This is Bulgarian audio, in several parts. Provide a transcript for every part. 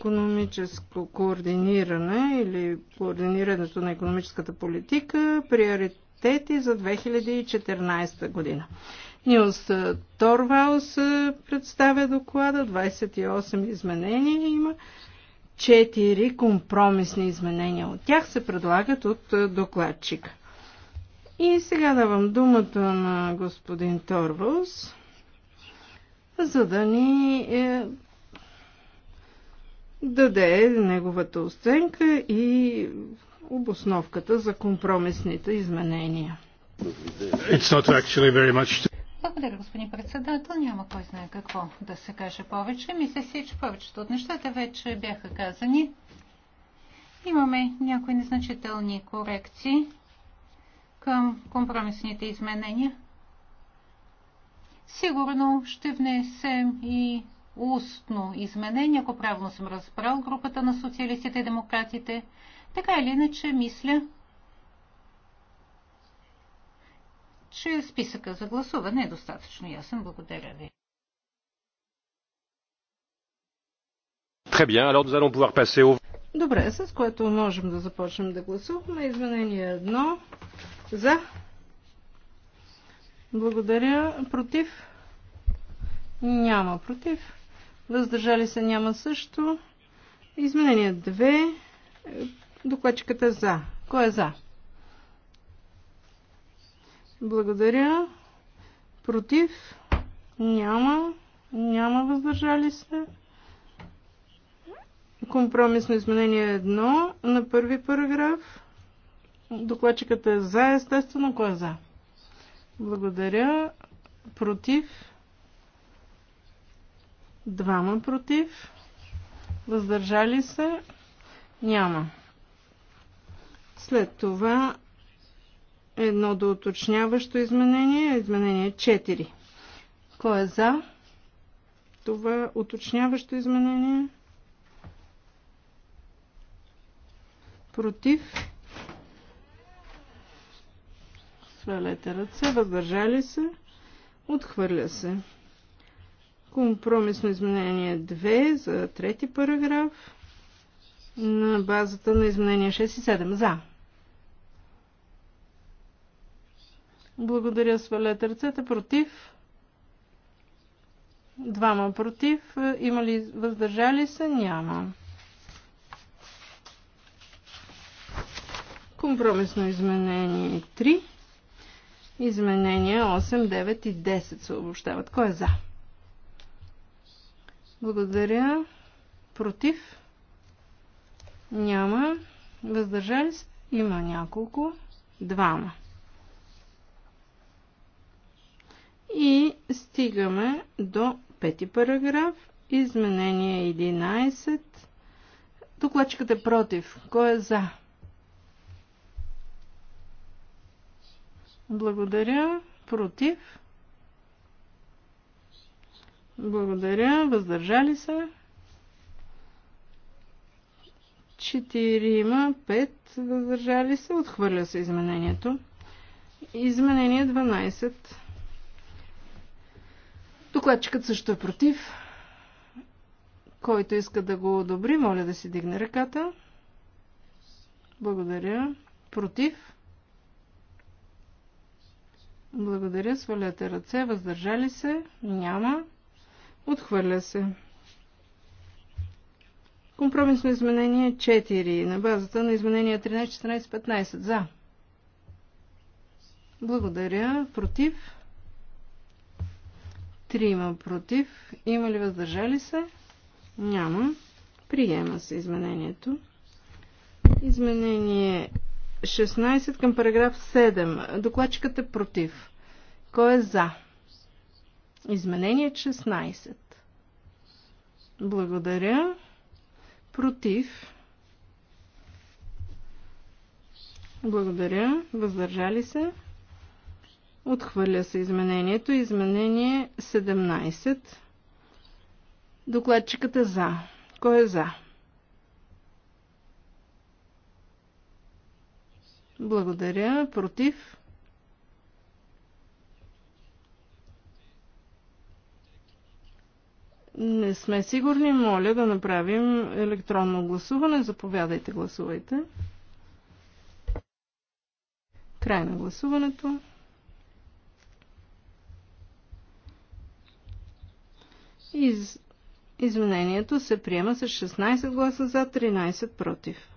економическо координиране или координирането на економическата политика, приоритети за 2014 година. Нилс Торвалс представя доклада, 28 изменения има, 4 компромисни изменения от тях се предлагат от докладчика. И сега давам думата на господин Торвалс, за да ни е, даде неговата оценка и обосновката за компромисните изменения. Благодаря, господин председател. Няма кой знае какво да се каже повече. Мисля си, че повечето от нещата вече бяха казани. Имаме някои незначителни корекции към компромисните изменения. Сигурно ще внесем и устно изменение, ако правилно съм разбрал групата на социалистите и демократите. Така или иначе, мисля, че списъка за гласуване е достатъчно ясен. Благодаря ви. Добре, с което можем да започнем да гласуваме. Изменение едно. За. Благодаря. Против. Няма против въздържали се няма също. Изменение 2, докладчиката е за. Кой е за? Благодаря. Против? Няма. Няма въздържали се. Компромисно изменение 1 на първи параграф. Докладчиката е за, естествено. Кой е за? Благодаря. Против? Двама против. Въздържали се? Няма. След това едно до уточняващо изменение, изменение 4. Кой е за това уточняващо изменение? Против? Свалете ръце, въздържали се, отхвърля се. Компромисно изменение 2 за трети параграф на базата на изменение 6 и 7. За. Благодаря, свалете ръцете. Против? Двама против. Има ли въздържали се? Няма. Компромисно изменение 3. Изменения 8, 9 и 10 се обобщават. Кой е за? Благодаря. Против? Няма. Въздържали се? Има няколко. Двама. И стигаме до пети параграф. Изменение 11. Докладчикът е против. Кой е за? Благодаря. Против. Благодаря. Въздържали се? Четирима, пет въздържали се. Отхвърля се изменението. Изменение 12. Докладчикът също е против. Който иска да го одобри, моля да си дигне ръката. Благодаря. Против. Благодаря. Свалете ръце. Въздържали се? Няма. Отхвърля се. Компромисно изменение 4 на базата на изменения 13, 14, 15. За. Благодаря. Против. Трима против. Има ли въздържали се? Няма. Приема се изменението. Изменение 16 към параграф 7. Докладчикът е против. Кой е за? Изменение 16. Благодаря. Против. Благодаря. Въздържали се. Отхвърля се изменението. Изменение 17. Докладчикът е за. Кой е за? Благодаря. Против. не сме сигурни, моля да направим електронно гласуване. Заповядайте, гласувайте. Край на гласуването. Из... Изменението се приема с 16 гласа за, 13 против.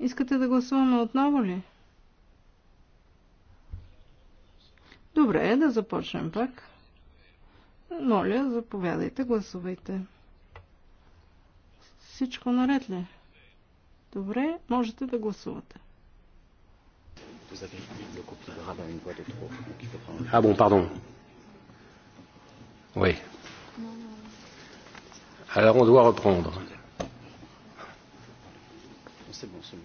Искате да гласуваме отново ли? Добре, да започнем пак. Моля, заповядайте, гласувайте. Всичко наред ли? Добре, можете да гласувате. А, бон, пардон. Oui. Alors on doit reprendre. C'est bon,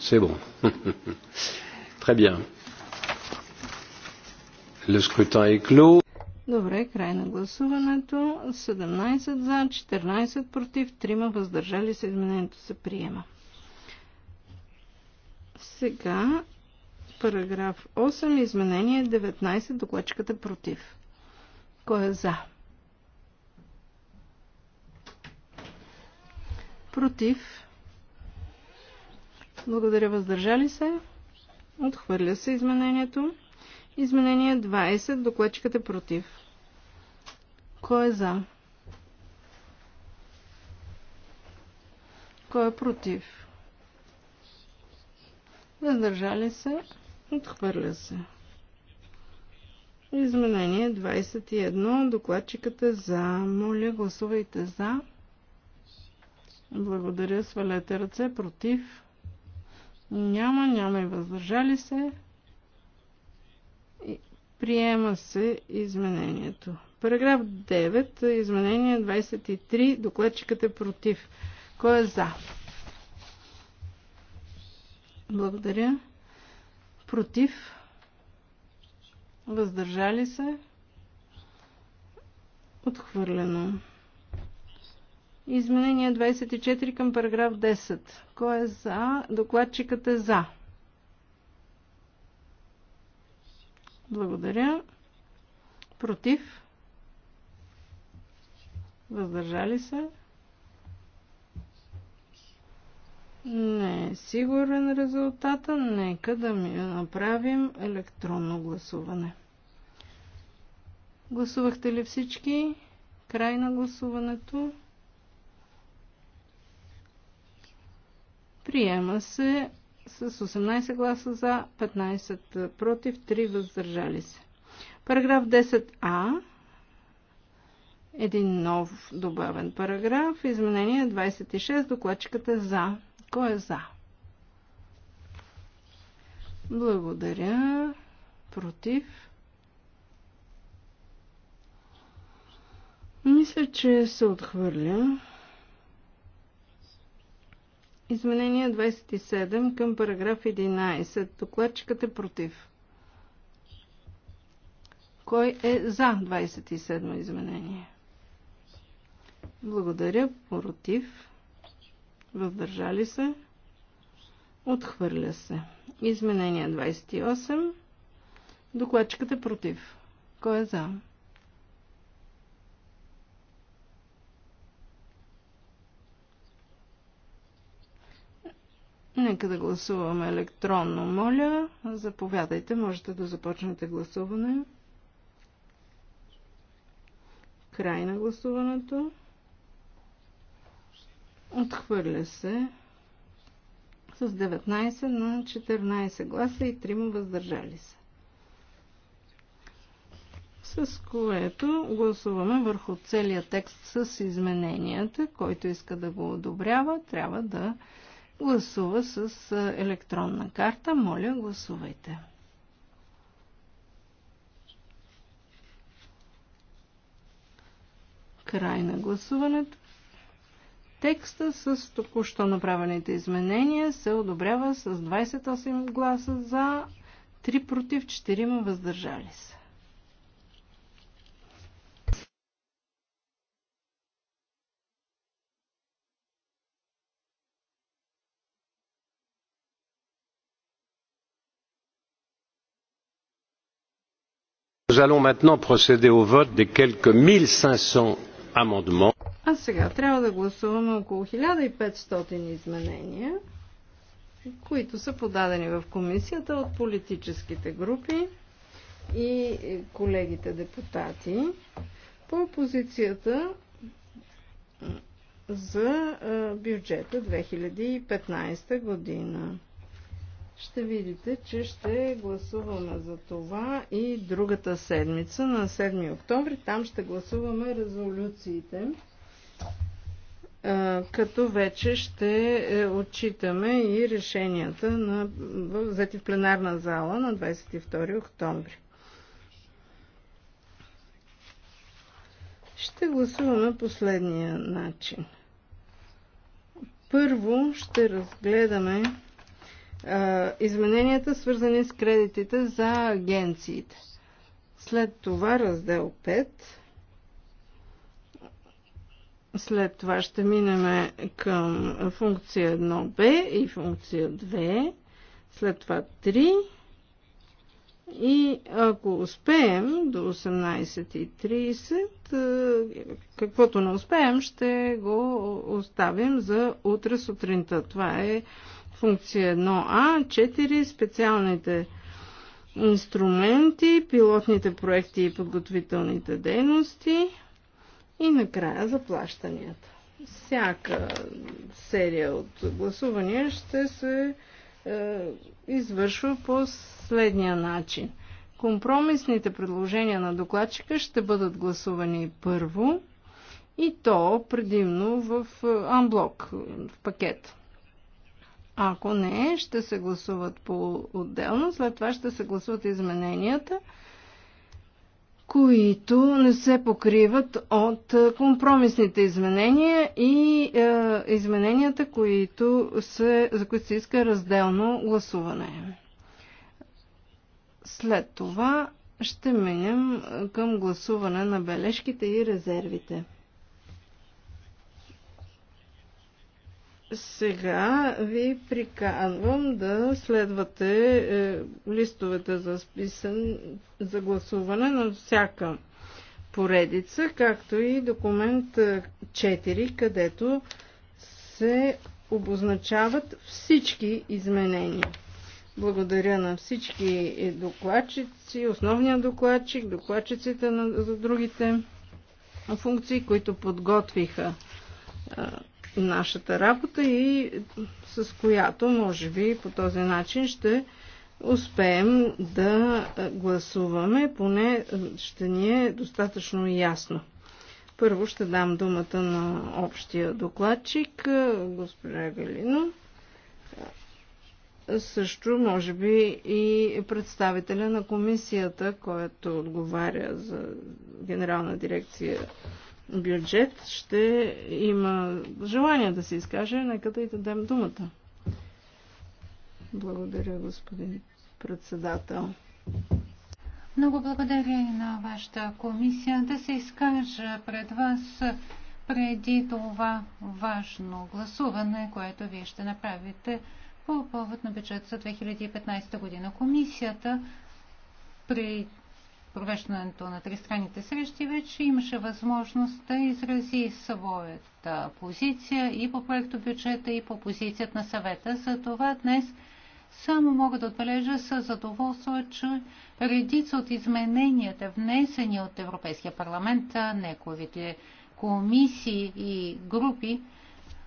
c'est bon. C'est bon. Très bien. Le scrutin est clos. Добре, край на гласуването. 17 за, 14 против, 3 въздържали се. Изменението се приема. Сега параграф 8, изменение 19, докладчиката против. Кой е за? Против. Благодаря. Въздържали се? Отхвърля се изменението. Изменение 20. Докладчикът е против. Кой е за? Кой е против? Въздържали се? Отхвърля се. Изменение 21. Докладчикът е за. Моля, гласувайте за. Благодаря. Свалете ръце. Против. Няма, няма и въздържали се. Приема се изменението. Параграф 9, изменение 23, докладчикът е против. Кой е за? Благодаря. Против. Въздържали се. Отхвърлено. Изменение 24 към параграф 10. Кой е за? Докладчикът е за. Благодаря. Против? Въздържали се? Не е сигурен резултата. Нека да ми направим електронно гласуване. Гласувахте ли всички? Край на гласуването. Приема се с 18 гласа за, 15 против, 3 въздържали се. Параграф 10а. Един нов добавен параграф. Изменение 26. Докладчиката е за. Кой е за? Благодаря. Против. Мисля, че се отхвърля. Изменение 27 към параграф 11. Докладчикът е против. Кой е за 27 изменение? Благодаря. Против. Въздържали се. Отхвърля се. Изменение 28. Докладчикът е против. Кой е за? Нека да гласуваме електронно, моля. Заповядайте, можете да започнете гласуване. Край на гласуването. Отхвърля се с 19 на 14 гласа и 3 въздържали се. С което гласуваме върху целия текст с измененията. Който иска да го одобрява, трябва да гласува с електронна карта. Моля, гласувайте. Край на гласуването. Текста с току-що направените изменения се одобрява с 28 гласа за, 3 против, 4 въздържали се. Nous allons maintenant procéder au vote des quelques 1500 amendements. А сега трябва да гласуваме около 1500 изменения, които са подадени в комисията от политическите групи и колегите депутати по позицията за бюджета 2015 година ще видите, че ще гласуваме за това и другата седмица, на 7 октомври. Там ще гласуваме резолюциите, като вече ще е, отчитаме и решенията на, взети в пленарна зала на 22 октомври. Ще гласуваме последния начин. Първо ще разгледаме измененията, свързани с кредитите за агенциите. След това раздел 5. След това ще минем към функция 1b и функция 2. След това 3. И ако успеем до 18.30, каквото не успеем, ще го оставим за утре сутринта. Това е функция 1А, 4 специалните инструменти, пилотните проекти и подготвителните дейности и накрая заплащанията. Всяка серия от гласувания ще се е, извършва по следния начин. Компромисните предложения на докладчика ще бъдат гласувани първо и то предимно в е, анблок, в пакет. Ако не, ще се гласуват по-отделно, след това ще се гласуват измененията, които не се покриват от е, компромисните изменения и е, измененията, които се, за които се иска разделно гласуване. След това ще минем е, към гласуване на бележките и резервите. Сега ви приканвам да следвате е, листовете за списан за гласуване на всяка поредица, както и документ 4, е, където се обозначават всички изменения. Благодаря на всички докладчици, основния докладчик, докладчиците на, за другите функции, които подготвиха е, нашата работа и с която, може би, по този начин ще успеем да гласуваме, поне ще ни е достатъчно ясно. Първо ще дам думата на общия докладчик, госпожа Галино. Също, може би, и представителя на комисията, който отговаря за генерална дирекция бюджет ще има желание да се изкаже, нека да й дадем думата. Благодаря, господин председател. Много благодаря и на вашата комисия да се изкажа пред вас преди това важно гласуване, което вие ще направите по повод на бюджет за 2015 година. Комисията при провеждането на тристранните срещи вече имаше възможност да изрази своята позиция и по проекто бюджета, и по позицията на съвета. За това днес само мога да отбележа с задоволство, че редица от измененията, внесени от Европейския парламент, неговите комисии и групи,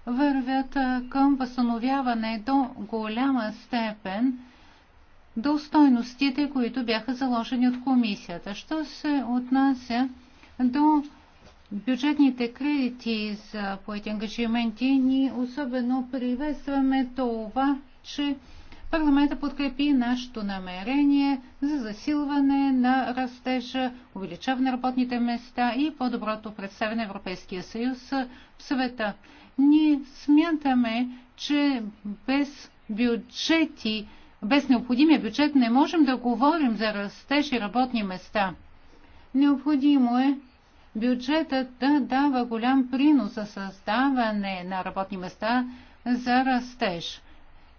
вървят към възстановяване до голяма степен до стойностите, които бяха заложени от комисията. Що се отнася до бюджетните кредити за поети ангажименти, ние особено приветстваме това, че Парламента подкрепи нашето намерение за засилване на растежа, увеличаване на работните места и по-доброто представяне на Европейския съюз в света. Ние смятаме, че без бюджети без необходимия бюджет не можем да говорим за растеж и работни места. Необходимо е бюджетът да дава голям принос за създаване на работни места за растеж.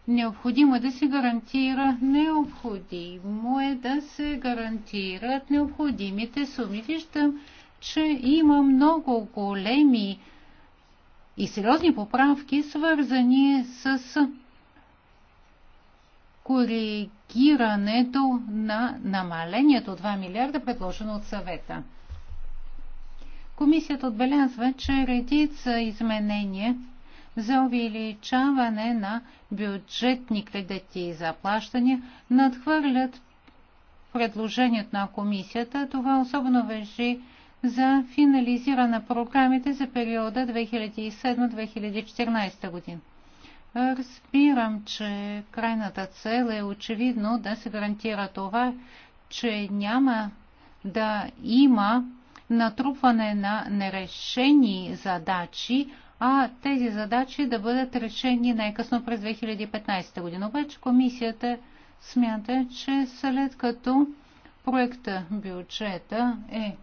Необходимо е да се гарантира, необходимо е да се гарантират необходимите суми. Виждам, че има много големи и сериозни поправки, свързани с коригирането на намалението 2 милиарда, предложено от съвета. Комисията отбелязва, че редица изменения за увеличаване на бюджетни кредити и заплащания надхвърлят предложението на комисията. Това особено вежи за финализиране на програмите за периода 2007-2014 година. Разбирам, че крайната цел е очевидно да се гарантира това, че няма да има натрупване на нерешени задачи, а тези задачи да бъдат решени най-късно през 2015 година. Обаче комисията смята, че след като проекта бюджета е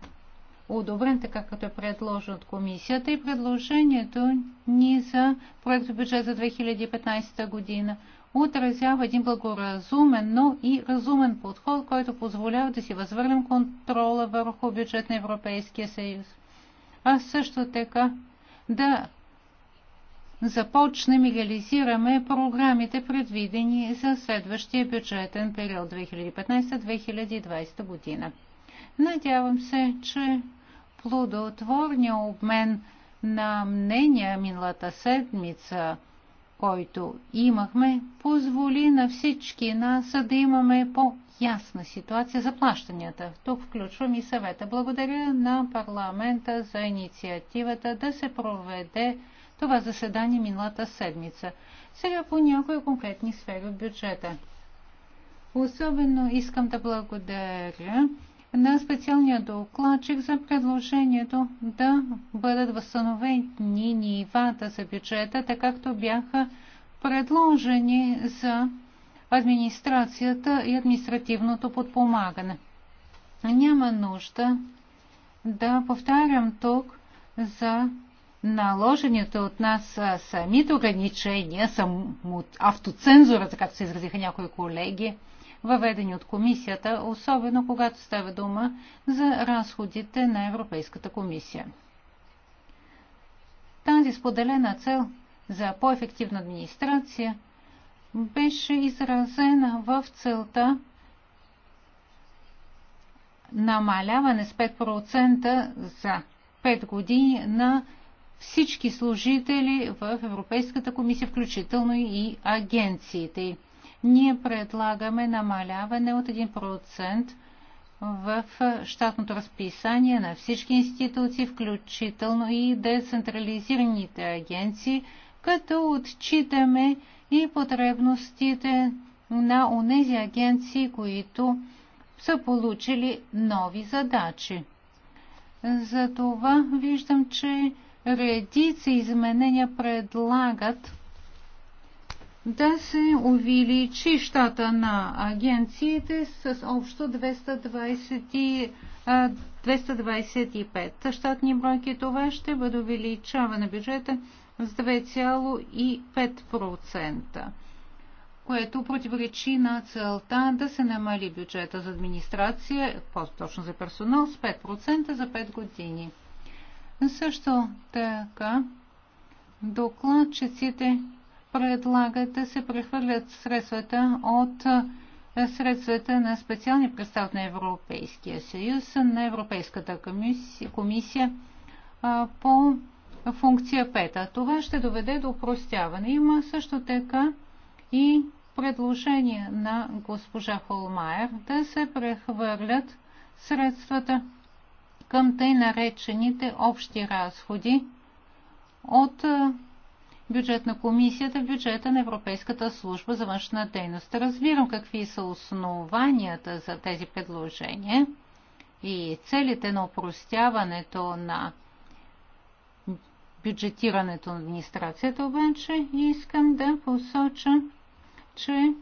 одобрен така, като е предложен от комисията и предложението ни за проект бюджет за 2015 година отразява един благоразумен, но и разумен подход, който позволява да си възвърнем контрола върху бюджет на Европейския съюз. А също така да започнем и реализираме програмите, предвидени за следващия бюджетен период 2015-2020 година. Надявам се, че плодотворния обмен на мнения миналата седмица, който имахме, позволи на всички нас да имаме по-ясна ситуация за плащанията. Тук включвам и съвета. Благодаря на парламента за инициативата да се проведе това заседание миналата седмица. Сега по някои конкретни сфери в бюджета. Особено искам да благодаря на специалния докладчик за предложението да бъдат възстановени нивата за бюджета, така както бяха предложени за администрацията и административното подпомагане. Няма нужда да повтарям тук за наложените от нас самите ограничения, само автоцензурата, както се изразиха някои колеги, въведени от комисията, особено когато става дума за разходите на Европейската комисия. Тази споделена цел за по-ефективна администрация беше изразена в целта намаляване с 5% за 5 години на всички служители в Европейската комисия, включително и агенциите. Ние предлагаме намаляване от 1% в щатното разписание на всички институции, включително и децентрализираните агенции, като отчитаме и потребностите на онези агенции, които са получили нови задачи. Затова виждам, че редица изменения предлагат да се увеличи щата на агенциите с общо 220, 225 щатни бройки. Това ще бъде увеличаване на бюджета с 2,5%, което противоречи на целта да се намали бюджета за администрация, по-точно за персонал, с 5% за 5 години. Също така докладчиците предлагат да се прехвърлят средствата от е, средствата на специални представ на Европейския съюз, на Европейската комисия, комисия по функция пета. Това ще доведе до упростяване. Има също така и предложение на госпожа Холмайер да се прехвърлят средствата към тъй наречените общи разходи от е, бюджет на комисията, бюджета на Европейската служба за външна дейност. Разбирам какви са основанията за тези предложения и целите на упростяването на бюджетирането на администрацията, обаче искам да посоча, че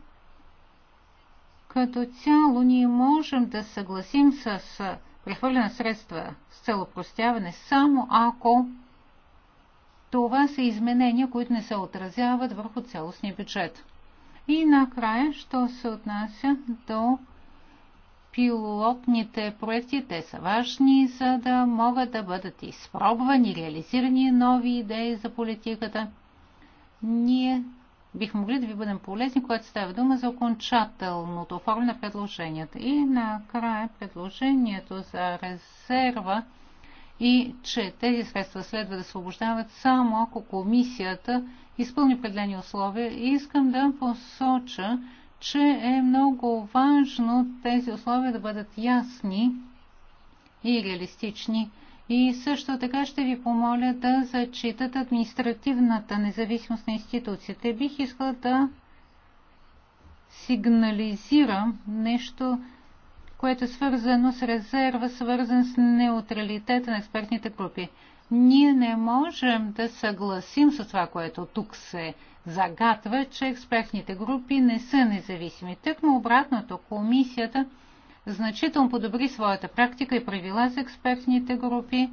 като цяло ние можем да съгласим с прехвърляне средства с цел упростяване само ако това са изменения, които не се отразяват върху цялостния бюджет. И накрая, що се отнася до пилотните проекти, те са важни, за да могат да бъдат изпробвани, реализирани нови идеи за политиката. Ние бих могли да ви бъдем полезни, когато става дума за окончателното оформяне на предложенията. И накрая предложението за резерва и че тези средства следва да се освобождават само ако комисията изпълни определени условия. И искам да посоча, че е много важно тези условия да бъдат ясни и реалистични. И също така ще ви помоля да зачитат административната независимост на институциите. Бих искала да сигнализирам нещо което е свързано с резерва, свързан с неутралитета на експертните групи. Ние не можем да съгласим с това, което тук се загатва, че експертните групи не са независими. Тъкмо обратното, комисията значително подобри своята практика и правила за експертните групи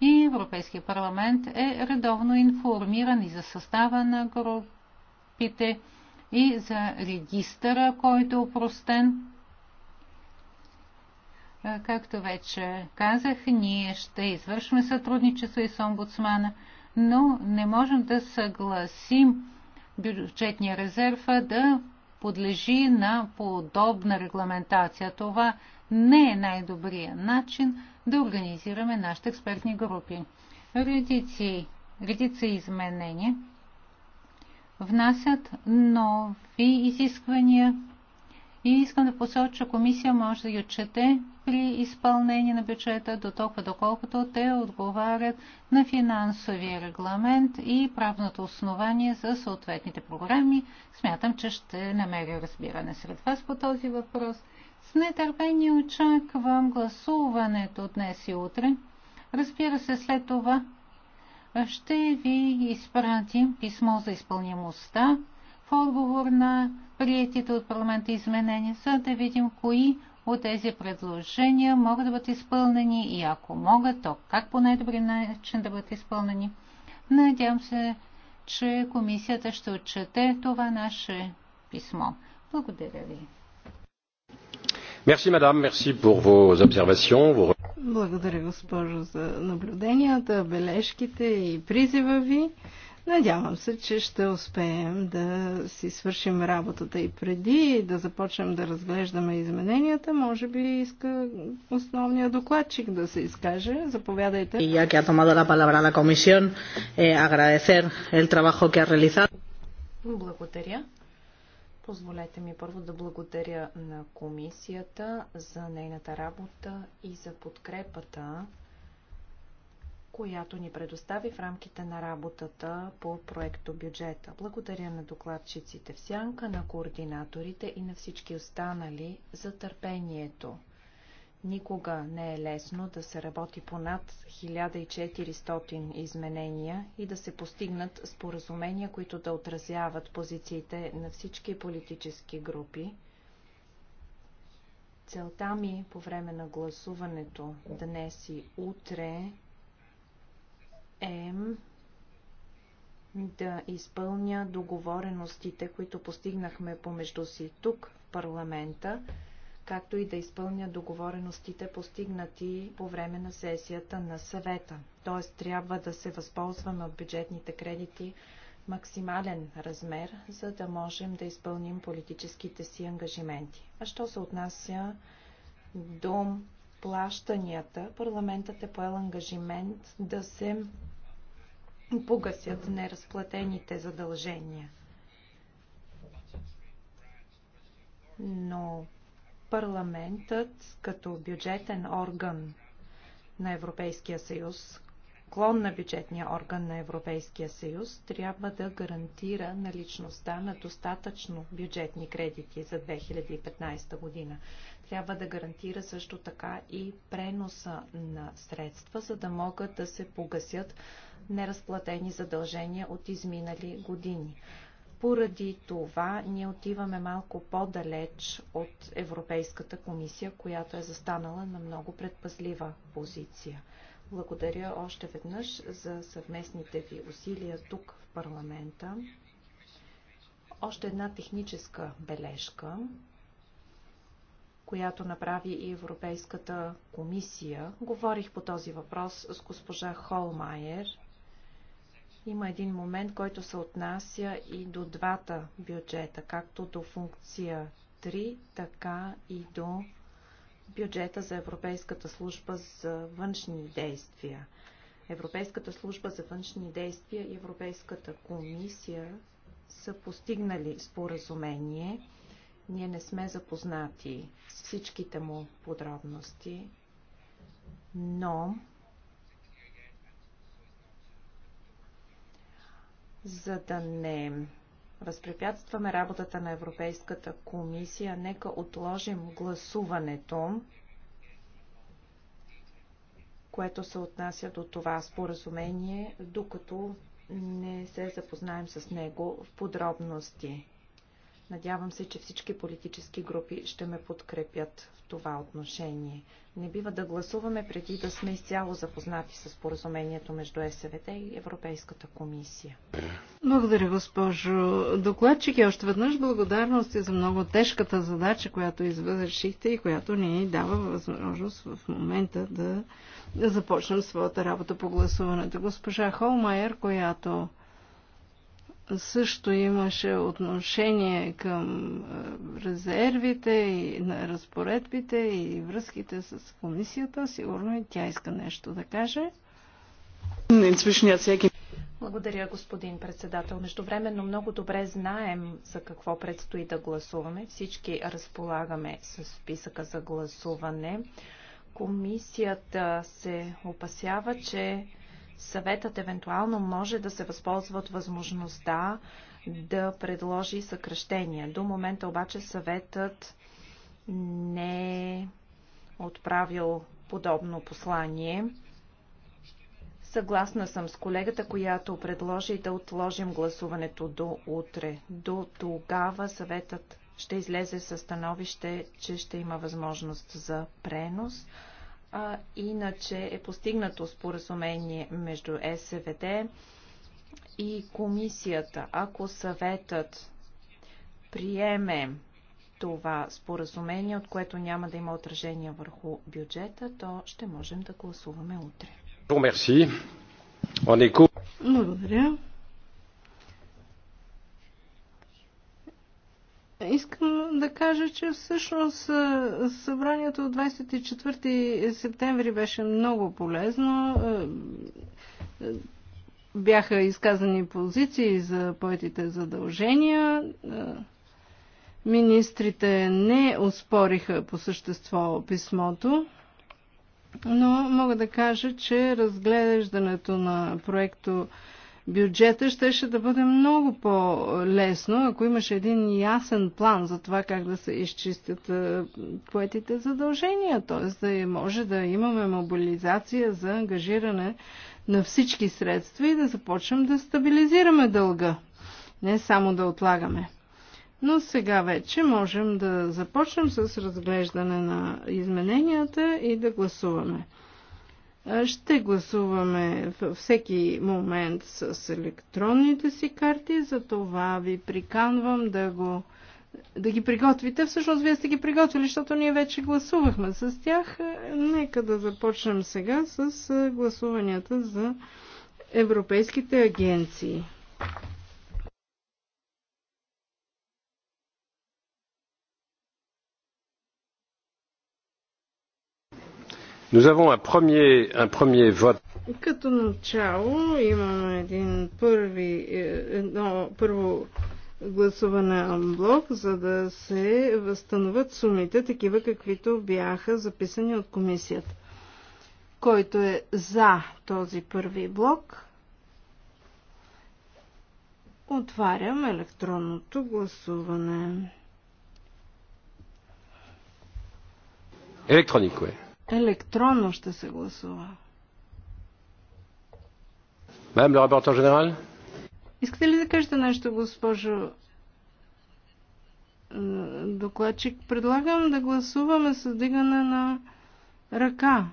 и Европейския парламент е редовно информиран и за състава на групите и за регистъра, който е опростен. Както вече казах, ние ще извършваме сътрудничество и с омбудсмана, но не можем да съгласим бюджетния резерв да подлежи на подобна регламентация. Това не е най-добрият начин да организираме нашите експертни групи. Редици, редици изменения внасят нови изисквания и искам да посоча, че комисия може да ги отчете при изпълнение на бюджета до толкова доколкото те отговарят на финансовия регламент и правното основание за съответните програми. Смятам, че ще намеря разбиране сред вас по този въпрос. С нетърпение очаквам гласуването днес и утре. Разбира се, след това ще ви изпратим писмо за изпълнимостта в отговор на приятите от парламента изменения, за да видим кои от тези предложения могат да бъдат изпълнени и ако могат, то как по най-добри начин да бъдат изпълнени. Надявам се, че комисията ще отчете това наше писмо. Благодаря ви. Merci, madame. Merci pour vos observations. Vos... Благодаря, госпожо, за наблюденията, бележките и призива ви. Надявам се, че ще успеем да си свършим работата и преди да започнем да разглеждаме измененията. Може би иска основния докладчик да се изкаже. Заповядайте. И ya que ha tomado la palabra la comisión, eh, agradecer el trabajo que ha realizado. Благодаря. Позволете ми първо да благодаря на комисията за нейната работа и за подкрепата която ни предостави в рамките на работата по проекто бюджета. Благодаря на докладчиците в Сянка, на координаторите и на всички останали за търпението. Никога не е лесно да се работи по над 1400 изменения и да се постигнат споразумения, които да отразяват позициите на всички политически групи. Целта ми по време на гласуването днес и утре е да изпълня договореностите, които постигнахме помежду си тук в парламента, както и да изпълня договореностите, постигнати по време на сесията на съвета. Т.е. трябва да се възползваме от бюджетните кредити в максимален размер, за да можем да изпълним политическите си ангажименти. А що се отнася до плащанията, парламентът е поел ангажимент да се погасят неразплатените задължения. Но парламентът като бюджетен орган на Европейския съюз, клон на бюджетния орган на Европейския съюз трябва да гарантира наличността на достатъчно бюджетни кредити за 2015 година. Трябва да гарантира също така и преноса на средства, за да могат да се погасят неразплатени задължения от изминали години. Поради това ние отиваме малко по-далеч от Европейската комисия, която е застанала на много предпазлива позиция. Благодаря още веднъж за съвместните ви усилия тук в парламента. Още една техническа бележка, която направи и Европейската комисия. Говорих по този въпрос с госпожа Холмайер. Има един момент, който се отнася и до двата бюджета, както до функция 3, така и до бюджета за Европейската служба за външни действия. Европейската служба за външни действия и Европейската комисия са постигнали споразумение. Ние не сме запознати с всичките му подробности, но за да не възпрепятстваме работата на Европейската комисия, нека отложим гласуването, което се отнася до това споразумение, докато не се запознаем с него в подробности. Надявам се, че всички политически групи ще ме подкрепят в това отношение. Не бива да гласуваме преди да сме изцяло запознати с поразумението между СВД и Европейската комисия. Благодаря, госпожо докладчик. И още веднъж благодарности за много тежката задача, която извършихте и която ни дава възможност в момента да, да започнем своята работа по гласуването. Госпожа Холмайер, която също имаше отношение към е, резервите и на разпоредбите и връзките с комисията. Сигурно и тя иска нещо да каже. Благодаря, господин председател. Междувременно много добре знаем за какво предстои да гласуваме. Всички разполагаме с списъка за гласуване. Комисията се опасява, че Съветът евентуално може да се възползва от възможността да предложи съкръщения. До момента обаче съветът не е отправил подобно послание. Съгласна съм с колегата, която предложи да отложим гласуването до утре. До тогава съветът ще излезе със становище, че ще има възможност за пренос а иначе е постигнато споразумение между СВД и комисията. Ако съветът приеме това споразумение, от което няма да има отражение върху бюджета, то ще можем да гласуваме утре. Благодаря. Искам да кажа, че всъщност събранието от 24 септември беше много полезно. Бяха изказани позиции за поетите задължения. Министрите не оспориха по същество писмото, но мога да кажа, че разглеждането на проекто бюджета, щеше да бъде много по-лесно, ако имаше един ясен план за това как да се изчистят е, поетите задължения, т.е. да е, може да имаме мобилизация за ангажиране на всички средства и да започнем да стабилизираме дълга, не само да отлагаме. Но сега вече можем да започнем с разглеждане на измененията и да гласуваме. Ще гласуваме във всеки момент с електронните си карти, за това ви приканвам да, го, да ги приготвите. Всъщност вие сте ги приготвили, защото ние вече гласувахме с тях. Нека да започнем сега с гласуванията за европейските агенции. Nous avons un premier, un premier vote. Като начало имаме един първи, е, едно, първо гласуване анблок, за да се възстановят сумите, такива каквито бяха записани от комисията. Който е за този първи блок, отварям електронното гласуване. Електронико е. Електронно ще се гласува. Мадам ле рапортер генерал? Искате ли да кажете нещо, госпожо докладчик? Предлагам да гласуваме с дигане на ръка.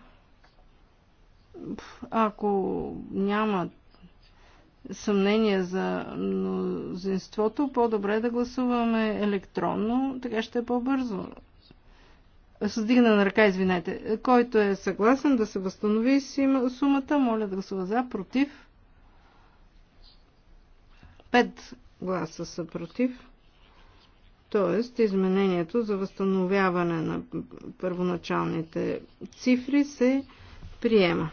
Ако няма съмнение за мнозинството, по-добре да гласуваме електронно, така ще е по-бързо с дигна на ръка, извинете. Който е съгласен да се възстанови сумата, моля да гласува за, против. Пет гласа са против. Тоест, изменението за възстановяване на първоначалните цифри се приема.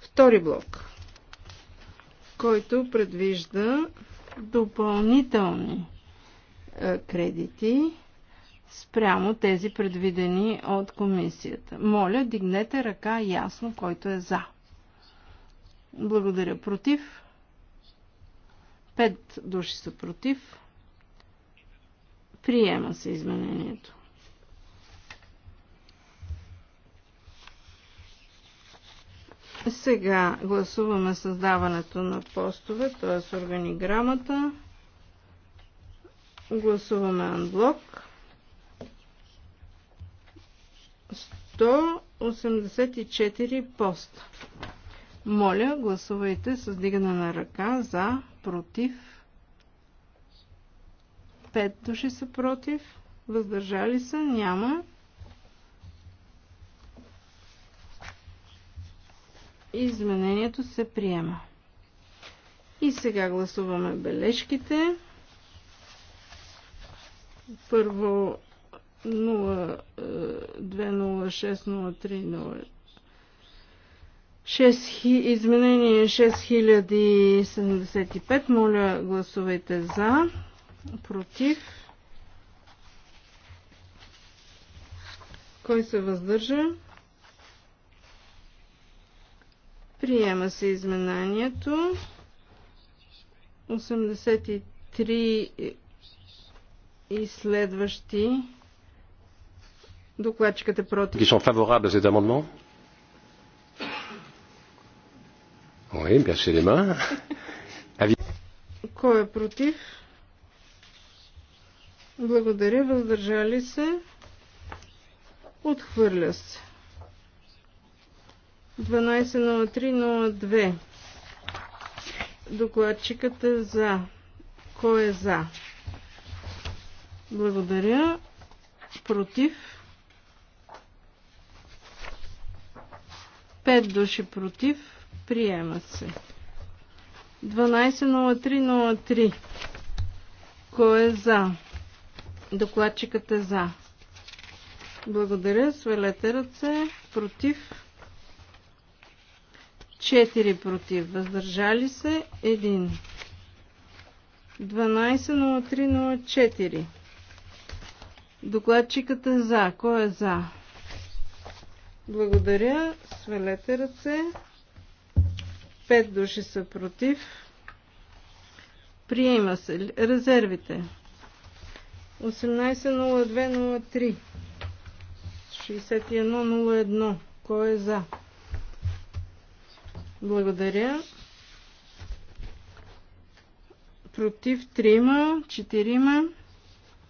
Втори блок, който предвижда допълнителни е, кредити спрямо тези предвидени от комисията. Моля, дигнете ръка ясно, който е за. Благодаря. Против? Пет души са против. Приема се изменението. Сега гласуваме създаването на постове, т.е. органиграмата. Гласуваме анблок. 184 поста. Моля, гласувайте с дигане на ръка за, против. 5 души са против. Въздържали са, Няма. Изменението се приема. И сега гласуваме бележките. Първо 6, е, изменение 6075. Моля, гласувайте за. Против. Кой се въздържа? Приема се изменението. 83 и следващи Докладчиката е против. Qui sont favorables à cet amendement? Oui, bien les mains. Кой е против? Благодаря, въздържали се. Отхвърля се. 12.03.02 Докладчикът е за. Кой е за? Благодаря. Против. 5 души против. приема се. 12.03.03. Кой е за? Докладчикът е за. Благодаря. Свалете ръце. Против. 4 против. Въздържали се. 1. 12.03.04. Докладчикът е за. Кой е за? Благодаря. Свалете ръце. Пет души са против. Приема се. Резервите. 18.02.03 61.01 Кой е за? Благодаря. Против 3, 4.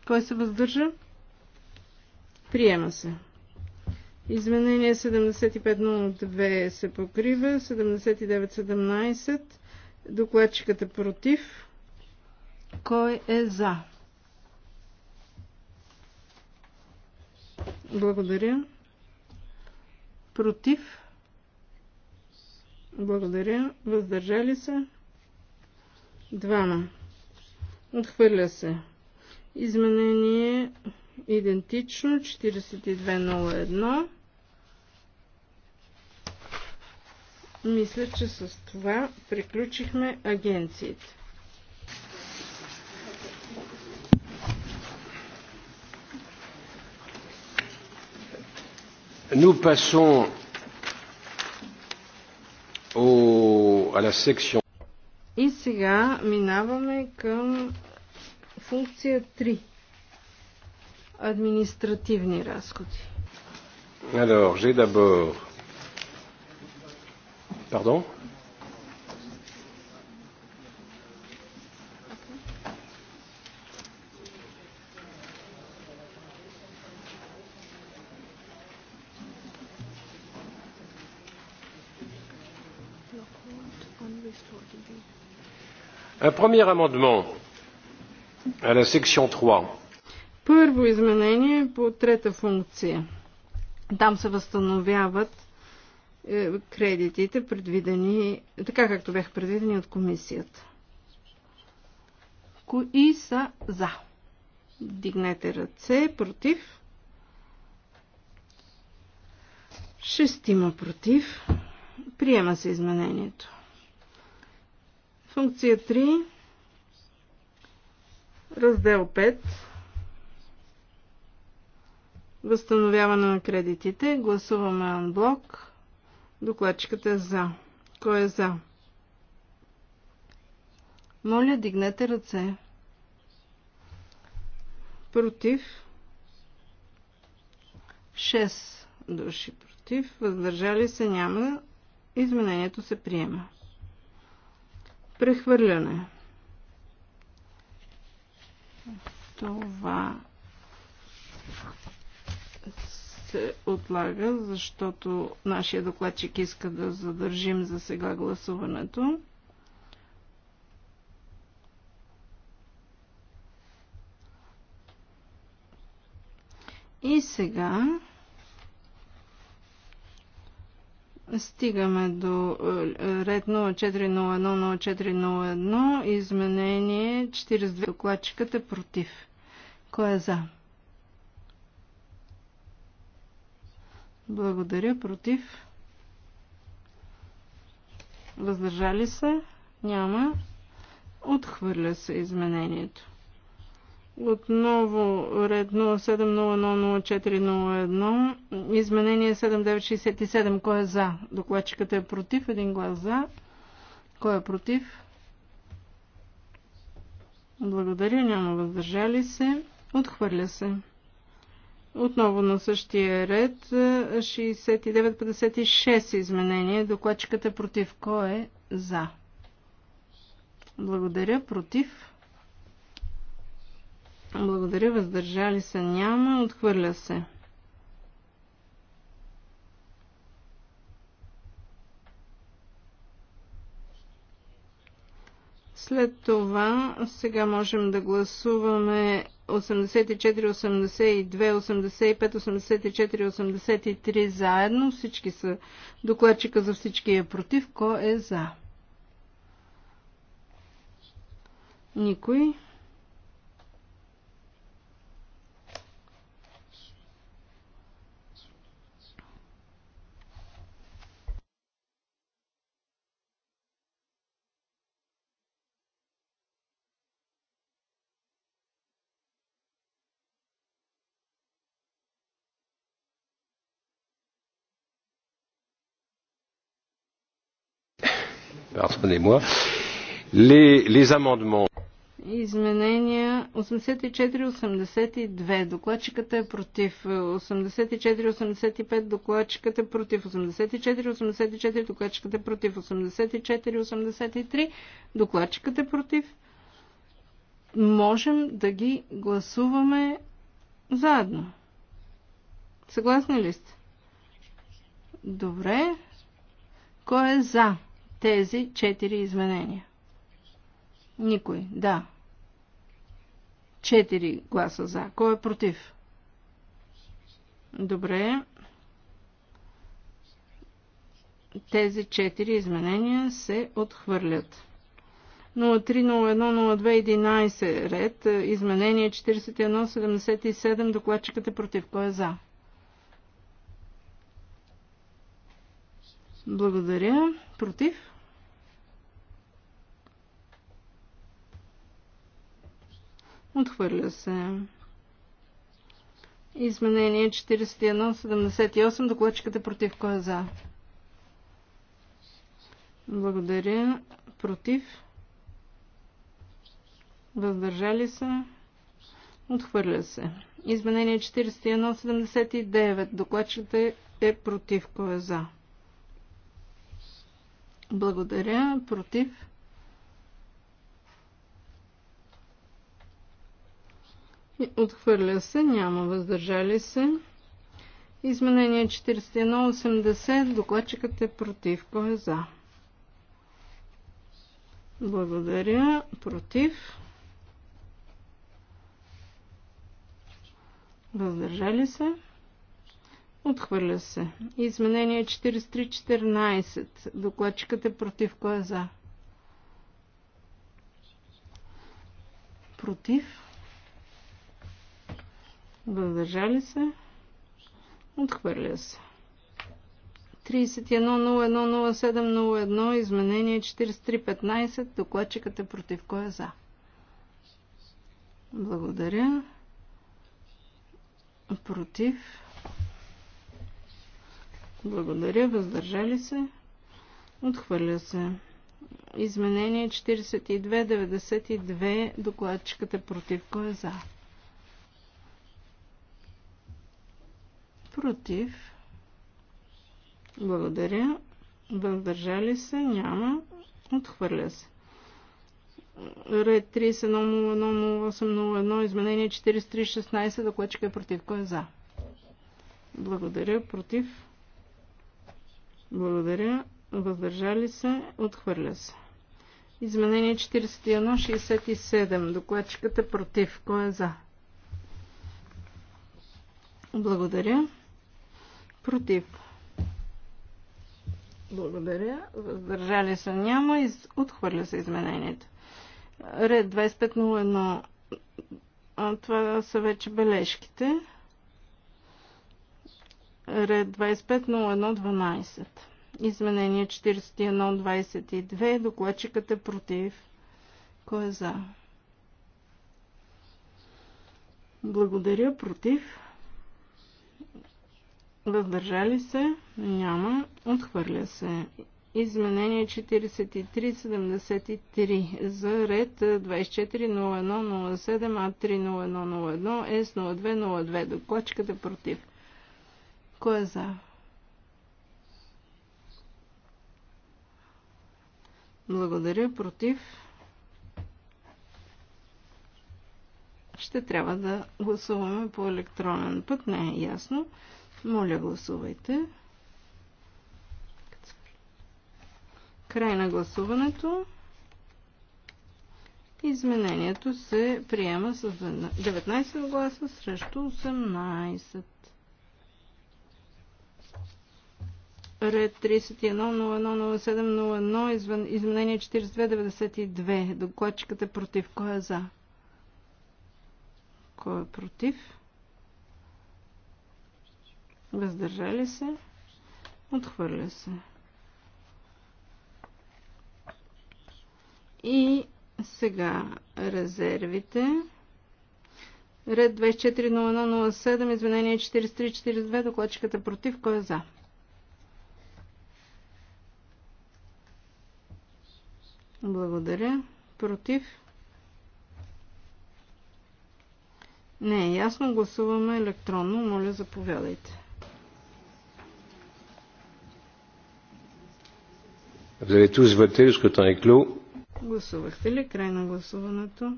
Кой се въздържа? Приема се. Изменение 7502 се покрива. 7917. Докладчикът е против. Кой е за? Благодаря. Против. Благодаря. Въздържали се. Двама. Отхвърля се. Изменение идентично 4201. Мисля, че с това приключихме агенциите. Nous passons au, à la section. И сега минаваме към функция 3 административни разходи. Alors, j'ai d'abord. Pardon Un premier amendement à la section 3 първо изменение по трета функция. Там се възстановяват е, кредитите, предвидени, така както бяха предвидени от комисията. Кои са за? Дигнете ръце, против. Шестима против. Приема се изменението. Функция 3. Раздел 5. Възстановяване на кредитите. Гласуваме анблок. Докладчиката е за. Кой е за? Моля, дигнете ръце. Против. 6 души против. Въздържали се няма. Изменението се приема. Прехвърляне. Това се отлага, защото нашия докладчик иска да задържим за сега гласуването. И сега стигаме до е, ред 0401-0401, изменение 42. Докладчикът е против. Кой е за? Благодаря. Против? Въздържали се? Няма. Отхвърля се изменението. Отново ред 07010401. Изменение 7967. Кой е за? Докладчиката е против. Един глас за. Кой е против? Благодаря. Няма въздържали се. Отхвърля се. Отново на същия ред 69-56 изменение. Докладчиката е против. Кой е за? Благодаря. Против. Благодаря. Въздържали се няма. Отхвърля се. След това сега можем да гласуваме 84, 82, 85, 84, 83 заедно. Всички са докладчика за всички е против. Кой е за? Никой. pardonnez-moi, les, les amendements. Изменения 84-82. Докладчиката е против. 84-85. Докладчиката е против. 84-84. Докладчиката е против. 84-83. Докладчиката е против. Можем да ги гласуваме заедно. Съгласни ли сте? Добре. Кой е за? тези четири изменения? Никой. Да. Четири гласа за. Кой е против? Добре. Тези четири изменения се отхвърлят. 0301-0211 ред. Изменение 4177. Докладчикът е против. Кой е за? Благодаря. Против? Отхвърля се. Изменение 41-78. е против. Кой е за? Благодаря. Против. Въздържали се. Отхвърля се. Изменение 41-79. е против. Кой е за? Благодаря. Против. Отхвърля се. Няма въздържали се. Изменение 4180. Докладчикът е против. Кой е за? Благодаря. Против. Въздържали се. Отхвърля се. Изменение 4314. Докладчикът е против. Кой е за? Против. Въздържали се. Отхвърля се. 31.01.07.01 изменение 43.15 докладчикът е против кой е за. Благодаря. Против. Благодаря. Въздържали се. Отхвърля се. Изменение 42.92 докладчикът е против кой е за. против, благодаря, въздържали се, няма, отхвърля се. Ред 31010801, изменение 4316, докладчика е против, кой е за? Благодаря, против, благодаря, въздържали се, отхвърля се. Изменение 4167. Докладчиката е против. Кой е за? Благодаря. Против. Благодаря. Въздържали се няма. и Отхвърля се изменението. Ред 2501. А, това са вече бележките. Ред 250112. Изменение 4122. Докладчикът е против. Кой е за? Благодаря. Против. Въздържали се? Няма. Отхвърля се. Изменение 4373 за ред 240107 А30101 С0202. Докладчиката против. Кой е за? Благодаря. Против. Ще трябва да гласуваме по електронен път. Не е ясно. Моля, гласувайте. Край на гласуването. Изменението се приема с 19 гласа срещу 18. Ред 31.01.07.01, изменение 42.92. Докладчикът е против. Кой е за? Кой е против? Въздържали се. Отхвърля се. И сега резервите. Ред 240107, извинение 4342, докладчиката против, кой е за? Благодаря. Против? Не е ясно. Гласуваме електронно. Моля, заповядайте. Vous avez tous voté, le scrutin est clos. Гласувахте ли край на гласуването?